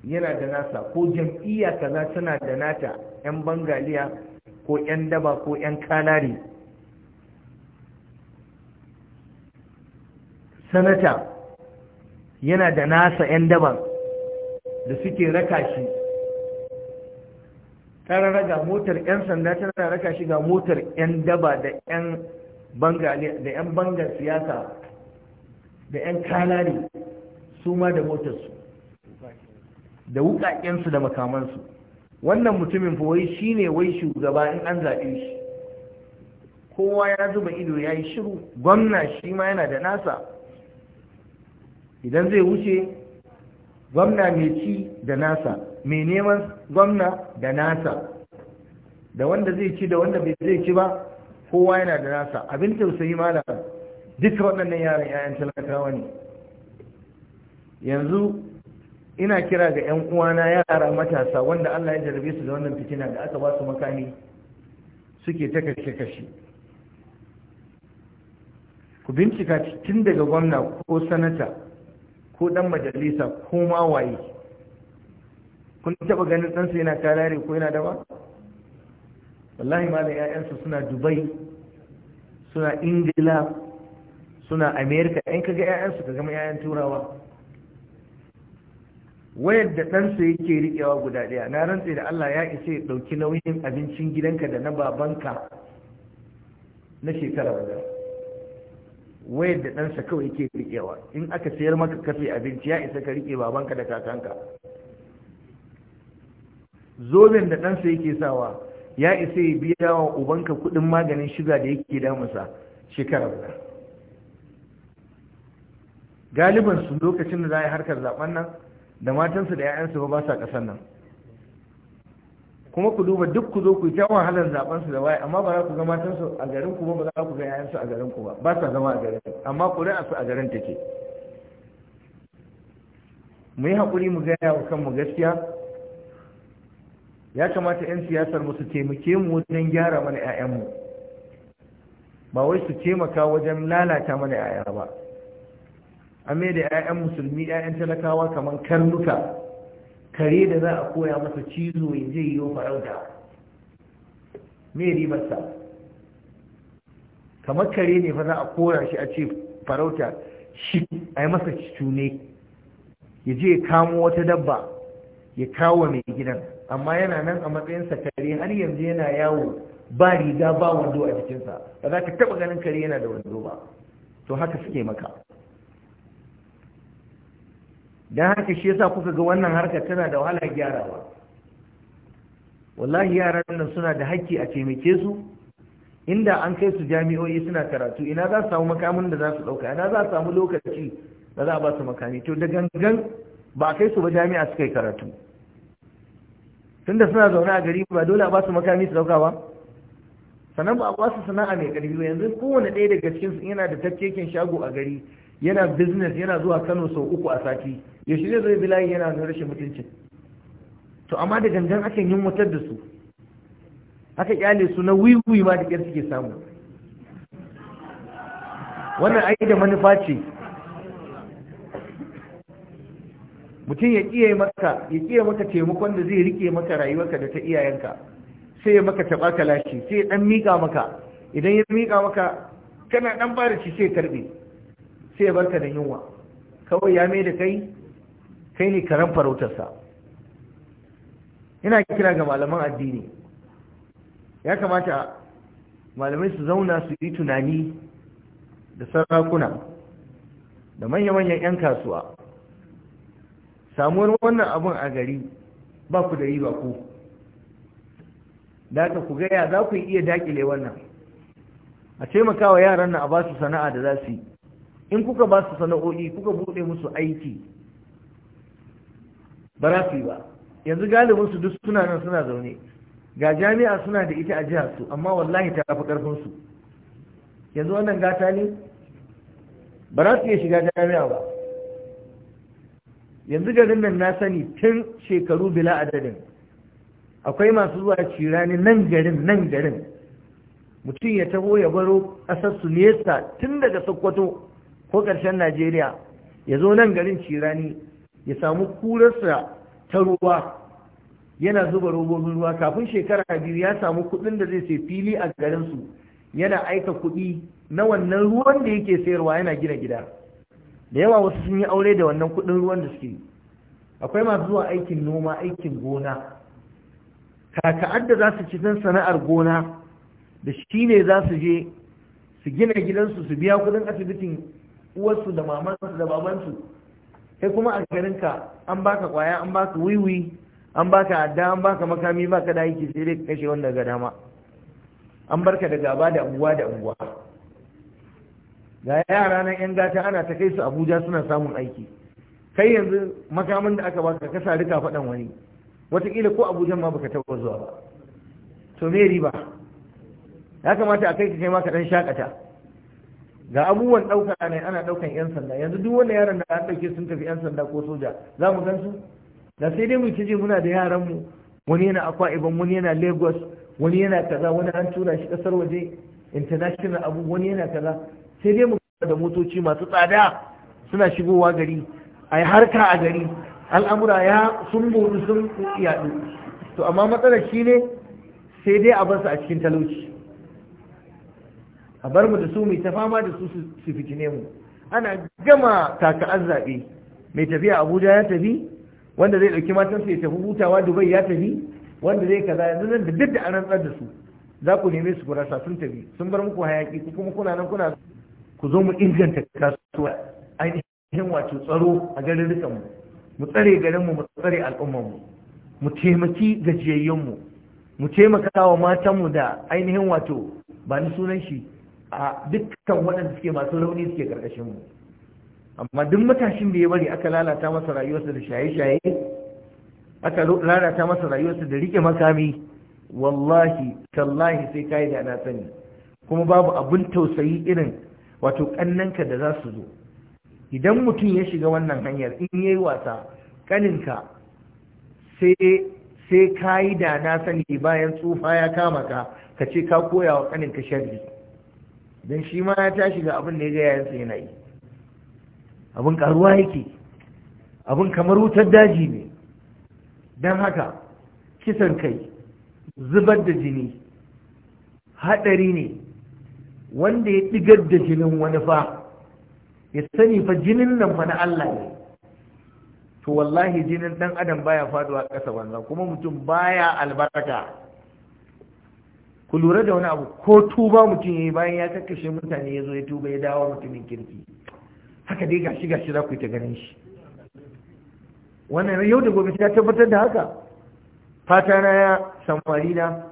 yana da nasa ko jam'iyya kaza tana da nata 'yan bangaliya ko 'yan daba ko 'yan kanari sanata yana da nasa 'yan daban da suke raka shi tara raga motar 'yan sanda tana raka shi ga motar 'yan daba da 'yan da 'yan bangar siyasa da 'yan kanari su ma da motarsu da wukakensu da makamansu wannan mutumin fa wai shi ne wai shugaba in an zaɓe shi kowa ya zuba ido ya yi shiru gwamna shi ma yana da nasa idan zai wuce gwamna mai ci da nasa mai neman gwamna da nasa da wanda zai ci da wanda bai zai ci ba kowa yana da nasa abin tausayi malam duka waɗannan yaran 'ya'yan talakawa ne yanzu ina kira ga 'yan uwana yara matasa wanda Allah ya jarabe su da wannan fitina da aka ba su makami suke ta kashe-kashe ku bincika tun daga gwamna ko sanata ko dan majalisa ko ma waye kun taba ganin ɗansa yana karare ko yana daba? ba wallahi ma da ƴaƴansa suna dubai suna ingila suna amerika in ga ƴaƴansu ka gama ƴaƴan turawa wayar da ɗansa yake riƙewa guda ɗaya na rantse da allah ya isa ya ɗauki nauyin abincin gidanka da na babanka na shekara guda wayar da ɗansa kawai yake riƙewa in aka sayar maka kafe abinci ya isa ka riƙe babanka da kakanka zoben da ɗansa yake sawa ya isa ya biya wa ubanka kudin maganin shiga da yake damusa shekara guda galiban su lokacin da za a yi harkar zaben nan da matansu da 'ya'yansu ba sa kasan nan kuma ku duba duk ku zo ku yi ta wahalar zaben su da waye amma ba za ku ga matansu a garin ku ba ba za ku ga 'ya'yansu a garin ku ba ba sa zama a garin amma ƙuri'a su a garin take mu yi haƙuri mu gaya wa kanmu gaskiya ya kamata 'yan siyasar mu su taimake mu wajen gyara mana mu. ba wai su taimaka wajen lalata mana 'ya'ya ba amma da 'ya'yan musulmi 'ya'yan talakawa kamar karnuka kare da za a koya masa cizo ya zai yi farauta me ribarsa kamar kare ne fa za a koya shi a ce farauta shi a yi masa cune ya je ya kamo wata dabba ya kawo mai gidan amma yana nan a matsayin sa kare har yanzu yana yawo ba riga ba wando a jikinsa ba za ka taba ganin kare yana da wando ba to haka suke maka don haka shi yasa kuka ga wannan harkar tana da wahala gyarawa wallahi yaran nan suna da haƙƙi a taimake su inda an kai su jami'o'i suna karatu ina za su samu makamin da za su ɗauka ina za su samu lokaci da za a ba su makami to da gangan ba a kai su ba jami'a suka yi karatu tunda suna zaune a gari ba dole a ba su makami su dauka ba sannan ba a ba su sana'a mai karfi ba yanzu kowane ɗaya daga cikin su yana da tafkeken shago a gari yana business yana zuwa Kano sau uku a sati yaushe zai zo bilayi yana da rashin mutuncin to amma da gangan akan yin wutar da su aka kyale su na wiwi ma da kyar suke samu wannan ai da manufa ce mutum ya kiyaye maka ya kiyaye maka taimakon da zai rike maka rayuwarka da ta iyayenka sai ya maka taba ka lashi sai ya dan mika maka idan ya mika maka kana dan fara ci sai karbe sai ya barka da yunwa kawai ya mai da kai kai ne karan farautarsa ina kira ga malaman addini ya kamata malamai su zauna su yi tunani da sarakuna da manya-manyan 'yan kasuwa samuwar wannan abin a gari ba ku da yi ba ku da ku gaya za ku iya dakile wannan a taimakawa yaran nan a ba su sana'a da za su yi in kuka ba su sana'o'i kuka buɗe musu aiki ba za su yi ba yanzu galibin duk suna nan suna zaune ga jami'a suna da ita a jihar su amma wallahi ta fi karfin su yanzu wannan gata ne ba za su iya shiga jami'a ba yanzu garin nan na sani tun shekaru bila adadin akwai masu zuwa cirani nan garin nan garin mutum ya taho ya baro ƙasar su nesa tun daga sokoto ko ƙarshen najeriya ya zo nan garin cirani ya samu kurarsa ta ruwa yana zuba robobin ruwa kafin shekara biyu ya samu kuɗin da zai sai fili a garinsu yana aika kuɗi na wannan ruwan da yake sayarwa yana gina gida da yawa wasu sun yi aure da wannan kudin ruwan da suke akwai masu zuwa aikin noma aikin gona kaka'ar da za su ci zan sana'ar gona da shi ne za su je su gina gidansu su biya kudin asibitin uwarsu da mamansu da babansu kai kuma a ka an baka kwaya an baka wiwi an baka adda an baka makami baka da aiki sai dai kashe wanda ga dama an barka da gaba da unguwa da unguwa ga yara na yan gata ana ta kai su abuja suna samun aiki kai yanzu makamin da aka baka ka sari faɗan wani watakila ko abuja ma baka taɓa zuwa ba to me riba ya kamata a kai ka kai maka dan ɗan shakata ga abubuwan ɗauka ne ana ɗaukan yan sanda yanzu duk wani yaran da an ɗauke sun tafi yan sanda ko soja za mu gansu? da sai dai mu ci muna da yaran mu wani yana akwa iban wani yana lagos wani yana kaza wani an tura shi kasar waje international abu wani yana kaza sai dai mu da motoci masu tsada suna shigowa gari a yi harka a gari al'amura ya sun bori sun yadu to amma matsalar shi ne sai dai a barsu a cikin talauci a bar mu da su mai ta fama da su su fitine mu ana gama kaka zaɓe mai tafiya abuja ya tafi wanda zai ɗauki matansa ya tafi hutawa dubai ya tafi wanda zai kaza yanzu nan da duk da an rantsar da su za ku neme su rasa sun tafi sun bar muku hayaki kuma kuna nan kuna ku zo mu inganta kasuwa ainihin wato tsaro a garin mu mu tsare garinmu mu tsare al'umman mu taimaki gajiyayyenmu mu taimaka wa matanmu da ainihin wato ba ni sunan shi a dukkan waɗanda suke masu rauni suke ƙarƙashinmu amma duk matashin da ya bari aka lalata masa rayuwarsa da shaye-shaye aka lalata masa rayuwarsa da rike makami wallahi tallahi sai kayi da na sani kuma babu abin tausayi irin wato kannanka da za su zo idan mutum ya shiga wannan hanyar in ya yi wasa kaninka sai ka yi da na sani bayan tsufa ya kama ka ka ce ka koya wa kaninka sharri don shi ma ya tashi ga abin da ya ga yayansa yana yi abin karuwa yake abin kamar wutar daji ne don haka kisan kai zubar da jini haɗari ne wanda ya digar da jinin wani fa ya sani fa jinin nan fa na Allah ne to wallahi jinin dan adam baya faduwa ƙasa wannan kuma mutum baya albarka ku lura da wani abu ko tuba mutum yayi bayan ya kakkashe mutane ya zo ya tuba ya dawo mutumin kirki haka dai gashi gashi za ku ta ganin shi wannan yau da gobe ta tabbatar da haka fata na ya samari na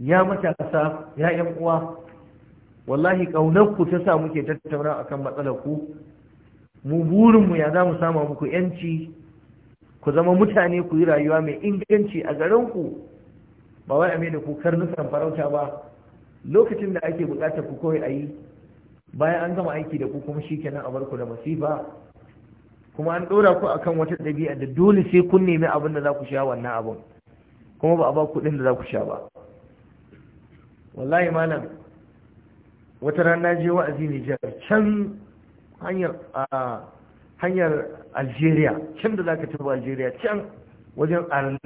ya matasa ya yan uwa wallahi ƙaunarku ta sa muke tattauna akan matsalar ku mu burinmu ya za mu sama muku yanci ku zama mutane ku yi rayuwa mai inganci a garinku ba wai a da ku karnukan farauta ba lokacin da ake buƙatar ku kawai a yi bayan an gama aiki da ku kuma shi kenan a bar ku da masifa kuma an ɗora ku kan wata ɗabi'a da dole sai kun nemi abin da za ku sha wannan abin kuma ba a ba kuɗin da za ku sha ba wallahi malam wata rana je wa'azi Nijar can hanyar hanyar Algeria can da zaka tabo Algeria can wajen Arles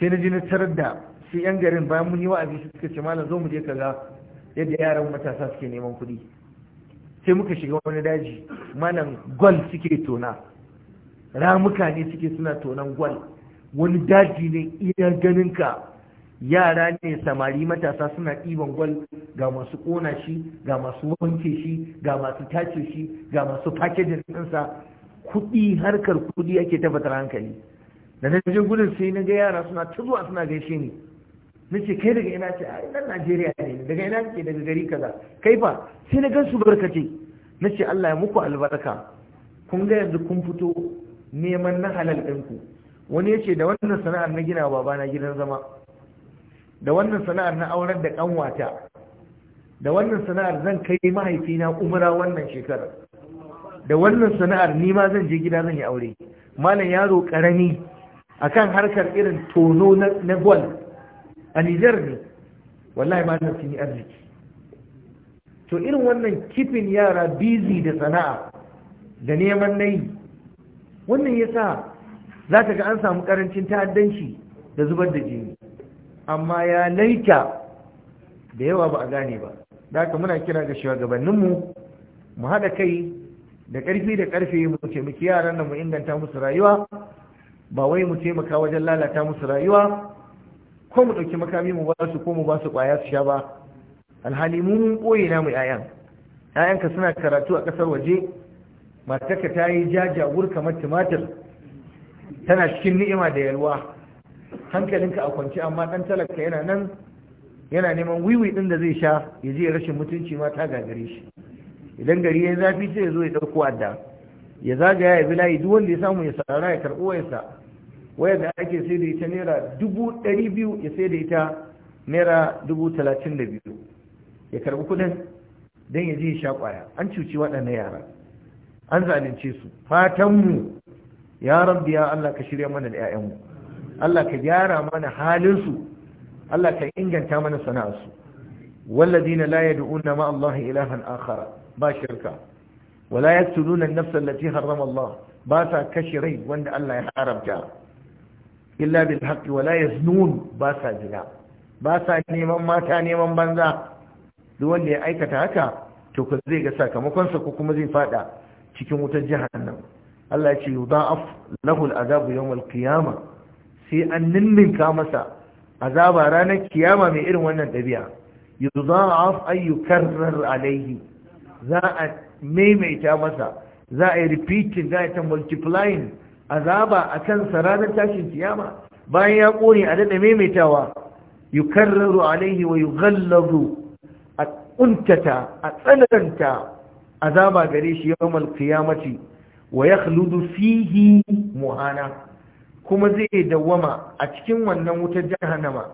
sai na je na tarar da sai yan garin bayan mun yi wa'azi suka ce malam zo mu je kaga yadda yaran matasa suke neman kuɗi sai muka shiga wani daji malam gwal suke tona ramuka ne suke suna tonan gwal wani daji ne iya ganinka yara ne samari matasa suna ɗiban gwal ga masu ƙona shi ga masu wanke shi ga masu tace shi ga masu fakejin ɗinsa kuɗi harkar kuɗi ake tabbatar hankali da na je gudun sai na ga yara suna ta zuwa suna gaishe ni na ce kai daga ina ce ai nan Najeriya ne daga ina ce daga gari kaza kai fa sai na gan su barkace na ce Allah ya muku albarka kun ga yanzu kun fito neman na halal ɗinku wani ya ce da wannan sana'ar na gina babana gidan zama da wannan sana'ar na auren da kanwata da wannan sana'ar zan kai mahaifina umra wannan shekarar da wannan sana'ar ni ma zan je gida zan yi aure malam yaro karami akan harkar irin tono na gwal a Nijar ne wallahi malam sun yi arziki to irin wannan kifin yara busy da sana'a da neman nayi wannan yasa za ka ga an samu karancin ta'addanci da zubar da jini amma ya laita da yawa ba a gane ba da haka muna kira ga shugabanninmu mu haɗa kai da ƙarfi da ƙarfe mu taimaki yaran nan mu inganta musu rayuwa ba wai mu taimaka wajen lalata musu rayuwa ko mu ɗauki makami mu ba su ko mu ba su ƙwaya su sha ba alhali mu mun ɓoye namu 'ya'yan 'ya'yanka suna karatu a ƙasar waje matarka ta yi jajawur kamar tumatir tana cikin ni'ima da yalwa hankalinka a kwance amma dan talaka yana nan yana neman wiwi din da zai sha ya je rashin mutunci ma ta gagare shi idan gari ya zafi sai ya zo ya ɗauko adda ya zagaya ya bi layi duk wanda ya samu ya sarara ya karɓo wayarsa wayar da ake sai da ita naira dubu ɗari biyu ya sai da ita naira dubu talatin da biyu ya karɓi kuɗin don ya je ya sha ƙwaya an cuci waɗannan yara an zalunce su fatanmu ya rabbi ya Allah ka shirya mana da 'ya'yanmu Allah ka gyara mana halinsu Allah ka inganta mana sana'arsu walladina la yad'una ma Allah ilahan akhar ba shirka wala yaqtuluna an-nafs allati harrama Allah ba sa kashe rai wanda Allah ya haramta illa bil haqqi wala yaznun ba sa zina ba sa neman mata neman banza duk wanda ya aikata haka to ku zai ga sakamakonsa ko kuma zai fada cikin wutar jahannam Allah ya ce yudha'af lahu al-adabu yawm al-qiyamah sai an ninninka masa azaba ranar kiyama mai irin wannan ɗabi'a yudha'af ay yukarrar alaihi, za a maimaita masa za a yi repeating za a ta multiplying azaba a kansa ranar tashin kiyama bayan ya kone a daɗa maimaitawa yukarraru alaihi wa yughallazu a kuntata a tsananta azaba gare shi yawmal qiyamati wa yakhludu fihi muhana kuma zai dawwama a cikin wannan wutar jahannama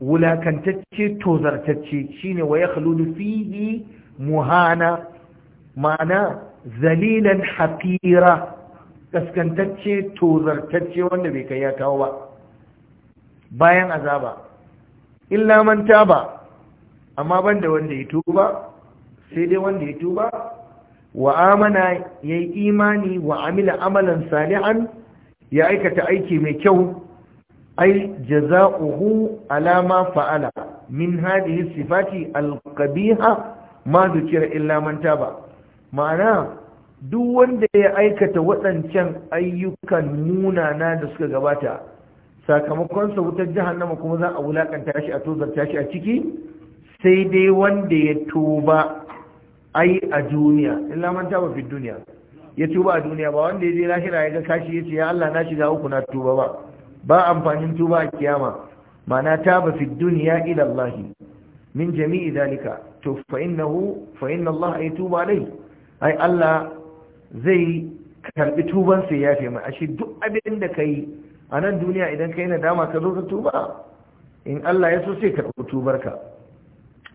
wulakantacce tozartacce shine waya khuludu fihi muhana ma'ana zalilan hafira, kaskantacce tozartacce wanda bai kai ya kawo ba bayan azaba illa man taba amma banda wanda ya tuba sai dai wanda ya tuba wa amana yayi imani wa amila amalan salihan ya aikata aiki mai kyau ai jaza'uhu ala ma fa'ala min hadhihi sifati al-qabiha ma dukira illa man taba ma'ana duk wanda ya aikata waɗancan ayyukan munana da suka gabata sakamakonsa wutar jahannama kuma za a wulakanta shi a tozarta shi a ciki sai dai wanda ya tuba ai a duniya illa man taba fi duniya ya tuba a duniya ba wanda ya je lahira ya ga kashi ya ce ya Allah na shiga uku na tuba ba ba amfanin tuba a kiyama ma'ana ba fi duniya ila Allah min jami'i dalika to fa Allah ya tuba dai. ai Allah zai karbi tuban ya fi mai shi duk abin da yi a nan duniya idan na nadama ka zo ka tuba in Allah ya so sai karbi tubarka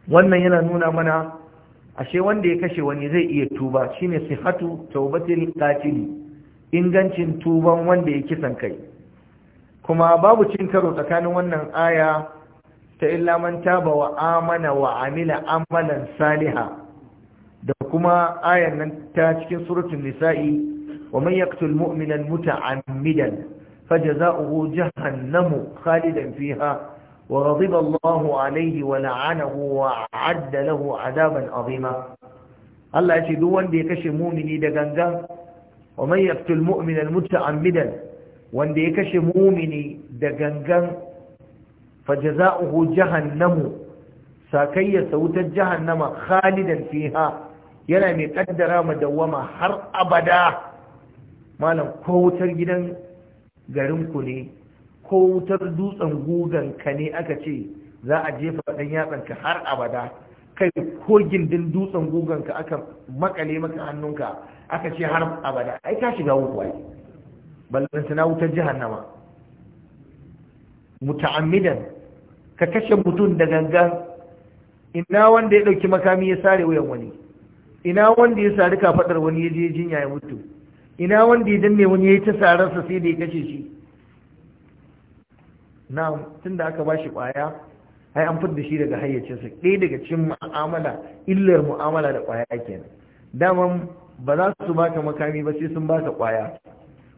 wannan yana nuna mana ashe wanda ya kashe wani zai iya tuba shine sihatu taubatil qatil ingancin tuban wanda ya kisan kai kuma babu cin karo tsakanin wannan aya ta illa man taba wa amana wa amila amalan saliha da kuma ayan nan ta cikin suratul nisa'i wa man yaqtul mu'mina muta'ammidan fajaza'uhu jahannamu khalidan fiha وغضب الله عليه ولعنه وعد له عذابا عظيما الله يجي دو وند يكشي مؤمني ده غنغا ومن يقتل مؤمنا متعمدا وند يكشي مؤمني ده غنغا فجزاؤه جهنم ساكيه سوت جهنم خالدا فيها yana mai kaddara madawama har abada malam ko wutar gidan garinku ne ko wutar dutsen gugan ka ne aka ce za a jefa ɗan yatsan ka har abada kai ko gindin dutsen gugan ka aka makale maka hannunka aka ce har abada ai ka shiga uku ballan tana na wutar jahannama muta'ammidan ka kashe mutum da gangan ina wanda ya ɗauki makami ya sare wuyan wani ina wanda ya sari kafaɗar wani ya je jinya ya mutu ina wanda ya danne wani ya yi ta sararsa sai da ya kashe shi na tunda aka bashi kwaya ai an fidda shi daga hayyacinsa ɗaya daga cikin mu'amala illar mu'amala da kwaya kenan Dama ba za su baka makami ba sai sun baka kwaya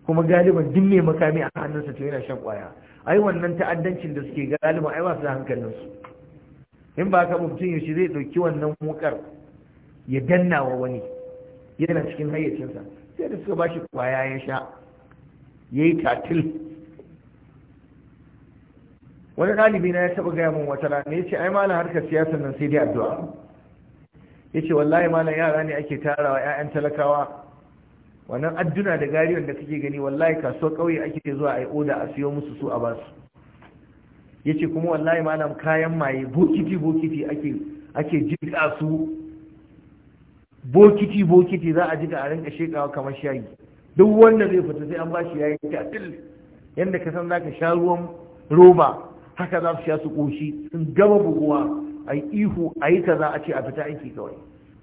kuma galiban duk mai makami a hannunsa to yana shan kwaya ai wannan ta'addancin da suke galiban ai ba su da su in ba ka mutum yaushe zai ɗauki wannan wukar ya danna wa wani yana cikin hayyacinsa sai da suka bashi kwaya ya sha yayi tatil wani ɗalibi na ya taɓa gaya min wata rana ya ce ai malam harkar siyasa nan sai dai addu'a ya ce wallahi malam yara ne ake tarawa 'ya'yan talakawa wannan adduna da gariyon da kake gani wallahi kasuwar ƙauye ake zuwa a yi oda a siyo musu su a basu ya ce kuma wallahi malam kayan maye bokiti bokiti ake jiƙa su bokiti bokiti za a jiƙa a rinƙa shekawa kamar shayi duk wanda zai fita sai an ba shi yayi tatil yadda ka san zaka sha ruwan roba haka za su sha su ƙoshi sun gama buguwa a yi ihu a yi kaza a ce a fita aiki kawai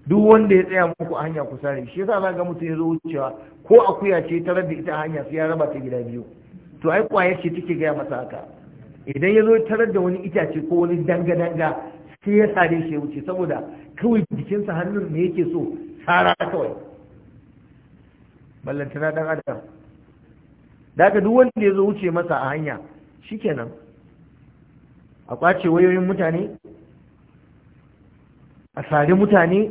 duk wanda ya tsaya muku a hanya kusa ne shi yasa za ga mutum ya zo wucewa ko akuya ce ta da ita a hanya sai ya raba ta gida biyu to ai kwaya ce take gaya masa haka idan ya zo tarar da wani itace ko wani danga-danga sai ya sare shi ya wuce saboda kawai jikinsa hannun ne yake so tsara kawai ballantana dan adam daga duk wanda ya zo wuce masa a hanya shikenan a kwace wayoyin mutane a sari mutane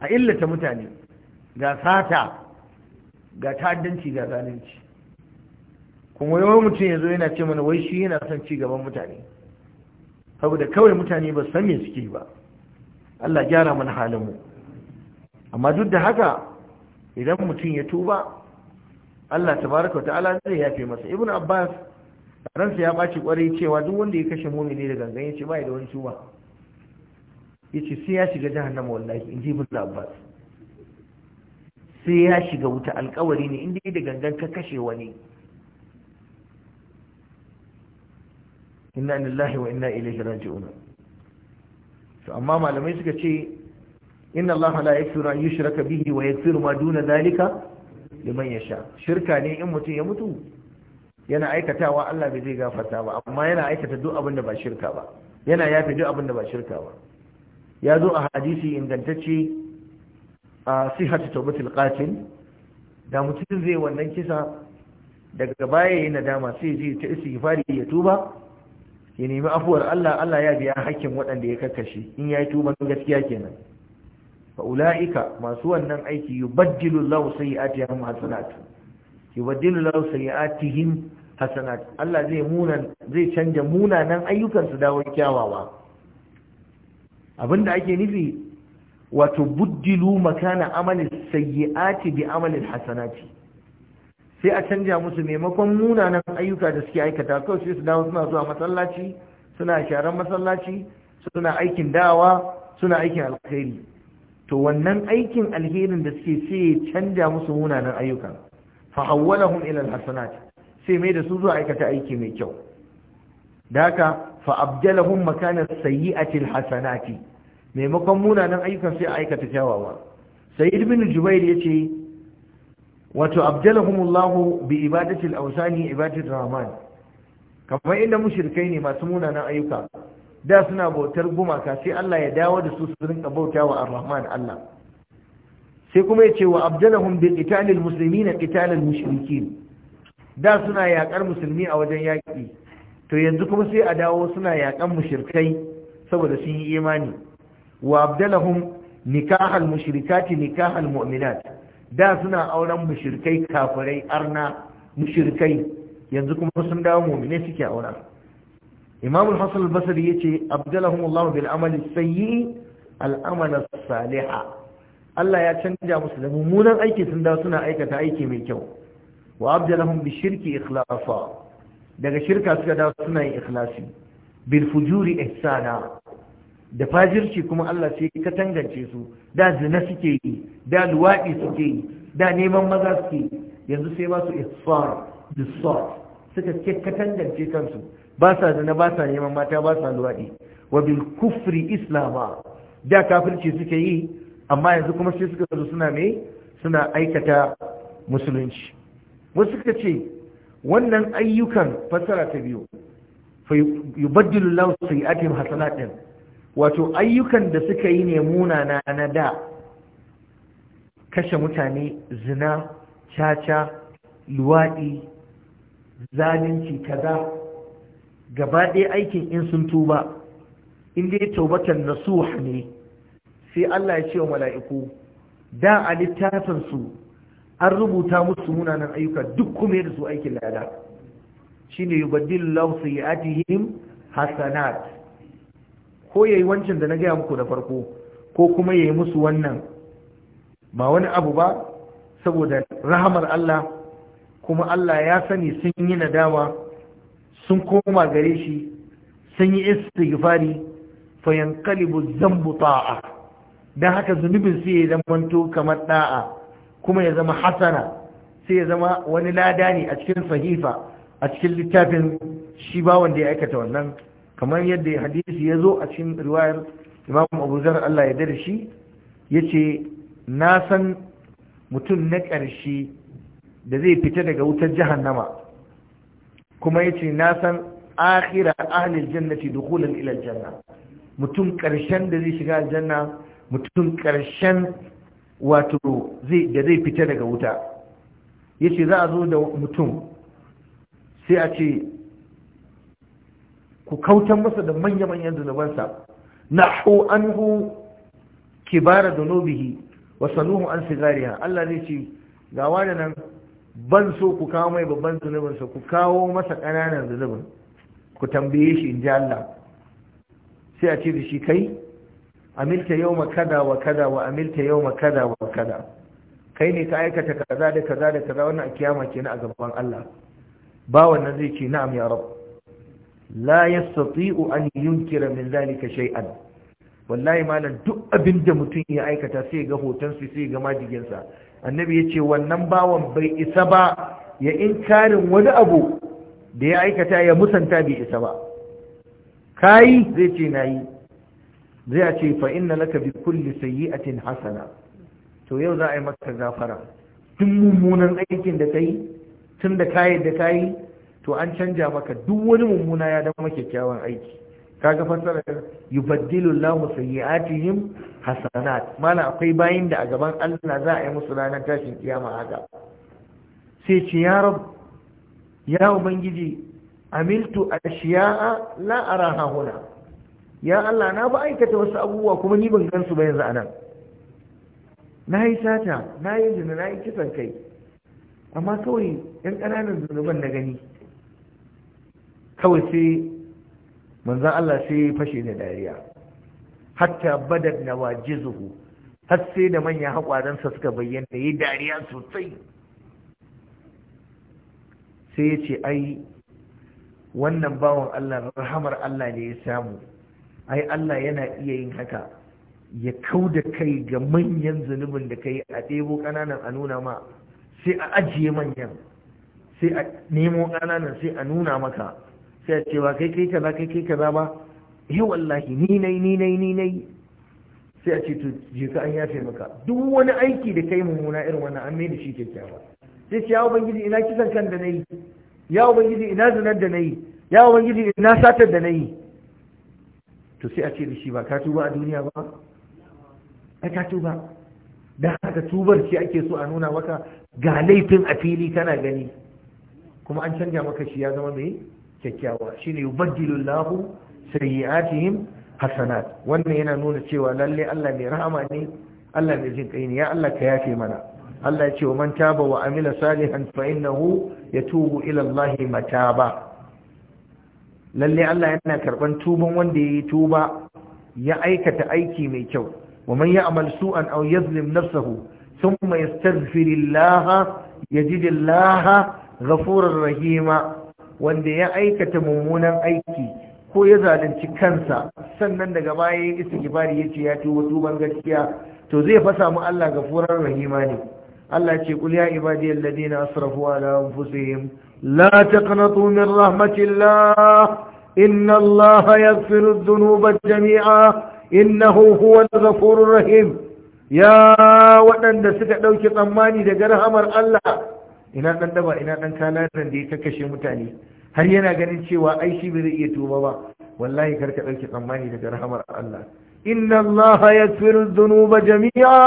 a illata mutane ga sata ga ta'addanci ga zalunci kuma yawan mutum ya zo yana ce mana wai shi yana son ci gaban mutane saboda kawai mutane ba san me suke ba Allah gyara mana mu. amma duk da haka idan mutum ya tuba Allah tabaraka ta'ala zai yafe masa ibnu abbas ransa ya ɓaci ƙwarai cewa duk wanda ya kashe mumini da gangan ya ce ba da wani tuba ya ce sai ya shiga jahannama wallahi in ji ibn abbas sai ya shiga wuta alkawari ne inda da gangan ka kashe wani inna lillahi wa inna ilaihi raji'un to amma malamai suka ce inna allaha la yaghfiru an yushraka bihi wa yaghfiru ma duna dhalika liman yasha shirka ne in mutum ya mutu yana aikatawa Allah bai zai gafarta ba amma yana aikata duk abin da ba shirka ba yana yafi duk abin da ba shirka ba ya zo a hadisi ingantacce a sihatu tawbatul qatil da mutum zai wannan kisa daga baya yayin nadama sai zai ta istighfari ya tuba ya nemi afuwar Allah Allah ya biya hakkin waɗanda ya kakkashe in yayi tuban gaskiya kenan fa ulaika masu wannan aiki yubaddilu Allahu sayyi'atihim hasanat yubaddilu Allahu sayyi'atihim hasanat Allah zai munan zai canja munanan ayyukan su dawo kyawawa abinda ake nufi wato buddilu makana amalin sayyi'ati bi amalin hasanati sai a canja musu maimakon munanan ayyuka da suke aikata kawai sai su dawo suna zuwa masallaci suna sharan masallaci suna aikin dawa suna aikin alkhairi to wannan aikin alherin da suke sai canja musu munanan ayyuka fa hawwalahum ila alhasanat sai mai da su zuwa aikata aiki mai kyau da haka fa abjalahum makana sayyi'atil hasanati maimakon munanan ayyukan sai aikata kyawawa sayyid ibn jubair yace wato abjalahumullahu bi ibadatil awsani ibadatir rahman kamar inda mushirikai ne masu munanan ayyuka da suna bautar gumaka sai Allah ya dawo da su su rinka bautawa ar-rahman Allah sai kuma ya ce wa abjalahum bil qitalil muslimina qitalil mushrikin da suna yakar musulmi a wajen yaƙi to yanzu kuma sai a dawo suna yakan mushrikai saboda sun yi imani wa abdalahum nikahal mushrikati nikahal mu'minat da suna auren mushrikai kafirai arna mushrikai yanzu kuma sun dawo muminai suke aura imam al-hasan al-basri yace abdalahum Allah bil amal sayyi al amal salih Allah ya canja musu da mummunan aiki sun dawo suna aikata aiki mai kyau wa abdalahum bi shirki ikhlasa daga shirka suka da suna yin ikhlasi bil fujuri ihsana da fajirci kuma Allah sai ka tangance su da zina suke yi da luwadi suke yi da neman maza suke yanzu sai ba su ihsar sar suka ce ka tangance kansu ba sa zina ba sa neman mata ba sa luwadi wa bil kufri islama da kafirci suke yi amma yanzu kuma sai suka zo suna me suna aikata musulunci wasu suka ce wannan ayyukan fassara ta biyu fa yubaddilu lahu ake hasanatin wato ayyukan da suka yi ne munana na da kashe mutane zina caca luwaɗi zalunci kaza gaba ɗaya aikin in sun tuba in dai taubatan nasuh ne sai Allah ya ce wa mala'iku da a littafinsu an rubuta musu munanan ayyuka duk kuma yadda su aikin lada Shi ne shine yubaddilullahu sayyi'atihim hasanat ko yayi wancan da na gaya muku da farko ko kuma yayi musu wannan ba wani abu ba saboda rahamar Allah kuma Allah ya sani sun yi nadama sun koma gare shi sun yi istighfari fa yanqalibu dhanbu ta'a dan haka zunubin su yayi zamanto kamar da'a kuma ya zama hasana sai ya zama wani lada ne a cikin sahifa a cikin littafin shi ba wanda ya aikata wannan kamar yadda hadisi ya zo a cikin riwayar imam abu zar Allah ya dare shi ya ce na san mutum na ƙarshe da zai fita daga wutar jahannama kuma ya ce na san akhira ahlil jannati dukulan ila janna mutum ƙarshen da zai shiga aljanna mutum ƙarshen wato da zai fita daga wuta ya ce za a zo da mutum sai a ce ku kautan masa da manya-manyan zunubansa na anhu kibara da nobihi wa sanuhu an sigariya Allah zai ce ga wani nan ban so ku kawo mai babban zunubinsa ku kawo masa ƙananan zunubin ku tambaye shi in ji Allah sai a ce da shi kai amilta ma kada wa kada wa amilta ma kada wa kada kai ne ka aikata kaza da kaza da kaza wannan a kiyama kenan a gaban Allah ba wannan zai ce na'am ya rabu la yastati'u an yunkira min zalika shay'an wallahi malam duk abin da mutum ya aikata sai ga hoton su sai ga majigin sa annabi yace wannan bawan bai isa ba ya inkarin wani abu da ya aikata ya musanta bai isa ba kai zai ce nayi zai a ce fa inna laka bi kulli sayyi'atin hasana to yau za a yi maka gafara duk mummunan aikin da kai tun da kayi da yi, to an canja maka duk wani mummuna ya dama kyakkyawan aiki kaga fassara yubaddilu Allahu sayyi'atihim hasanat mana akwai bayin da a gaban Allah za a yi musu ranar tashin kiyama haka sai ce ya rab ya ubangiji amiltu ashiya'a la araha huna ya Allah na ba aikata wasu abubuwa kuma ni ban gansu ba yanzu anan na yi sata na yi zina na yi kisan kai amma kawai yan ƙananan zunuban na gani kawai sai manzan Allah sai fashe da dariya hatta badar na wajizuhu har sai da manyan haƙwaransa suka bayyana ya yi dariya sosai sai ya ce ai wannan bawan Allah rahamar Allah ne ya samu ai Allah yana iya yin haka ya kau da kai ga manyan zunubin da kai a ɗebo ƙananan a nuna ma sai a ajiye manyan sai a nemo ƙananan sai a nuna maka sai a cewa kai kai kaza kai kai kaza ba eh wallahi ni nai ni nai ni nai sai a ce to je ka an yafe maka duk wani aiki da kai mummuna irin wannan an mai da shi kyakkyawa sai ce ya ubangiji ina kisan kan da nayi ya ubangiji ina zinar da nayi ya ubangiji ina satar da nayi to sai a ce da shi ba ka tuba a duniya ba ai ka tuba da haka tubar shi ake so a nuna maka ga laifin a fili kana gani kuma an canja maka shi ya zama mai kyakkyawa shine yubaddilu Allahu sayyi'atihim hasanat wannan yana nuna cewa lalle Allah mai rahama ne Allah mai jin ne ya Allah ka yafe mana Allah ya ce wa man taba wa amila salihan fa innahu yatubu ila Allah mataba lalle Allah yana karban tuban wanda yayi tuba ya aikata aiki mai kyau wa man ya'mal su'an aw yazlim nafsahu thumma yastaghfirillaha yajidillaha ghafurur rahima wanda ya aikata mummunan aiki ko ya zalunci kansa sannan daga baya ya istighfari yace ya tuba tuban gaskiya to zai fa samu Allah ghafurur rahima ne Allah ce kul ya ibadiyalladhina asrafu ala anfusihim la taqnatu min rahmatillah إن الله يغفر الذنوب جميعا إنه هو الغفور الرحيم يا وأن سكا دوكي طماني دقر همر Allah. ina ɗan daba ina ɗan kalaran da ya ta kashe mutane har yana ganin cewa ai shi bai zai iya tuba ba wallahi karka ɗauki tsammani daga rahamar Allah inna Allah yaghfiru dhunuba jami'a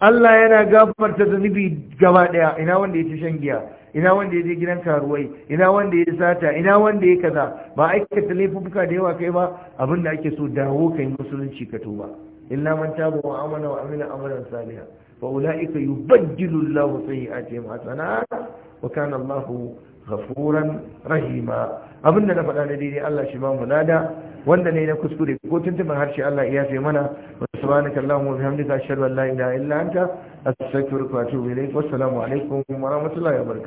Allah yana gafarta zunubi gaba ɗaya ina wanda ya ci shan giya ina wanda ya je gidan karuwai ina wanda ya sata ina wanda ya kaza ba aikata laifuka da yawa kai ba abin da ake so dawo kai musulunci ka tuba illa man taba wa amana wa amila amalan salihan fa ulaika yubaddilu Allahu sayyi'atihim hasanat wa kana Allahu ghafuran rahima abin da na faɗa na daidai Allah shi ba mu lada wanda ne na kuskure ko tuntuban harshe Allah ya fi mana wa subhanaka allahumma wa bihamdika ashhadu an la ilaha illa anta astaghfiruka wa atubu ilayk wa assalamu alaikum wa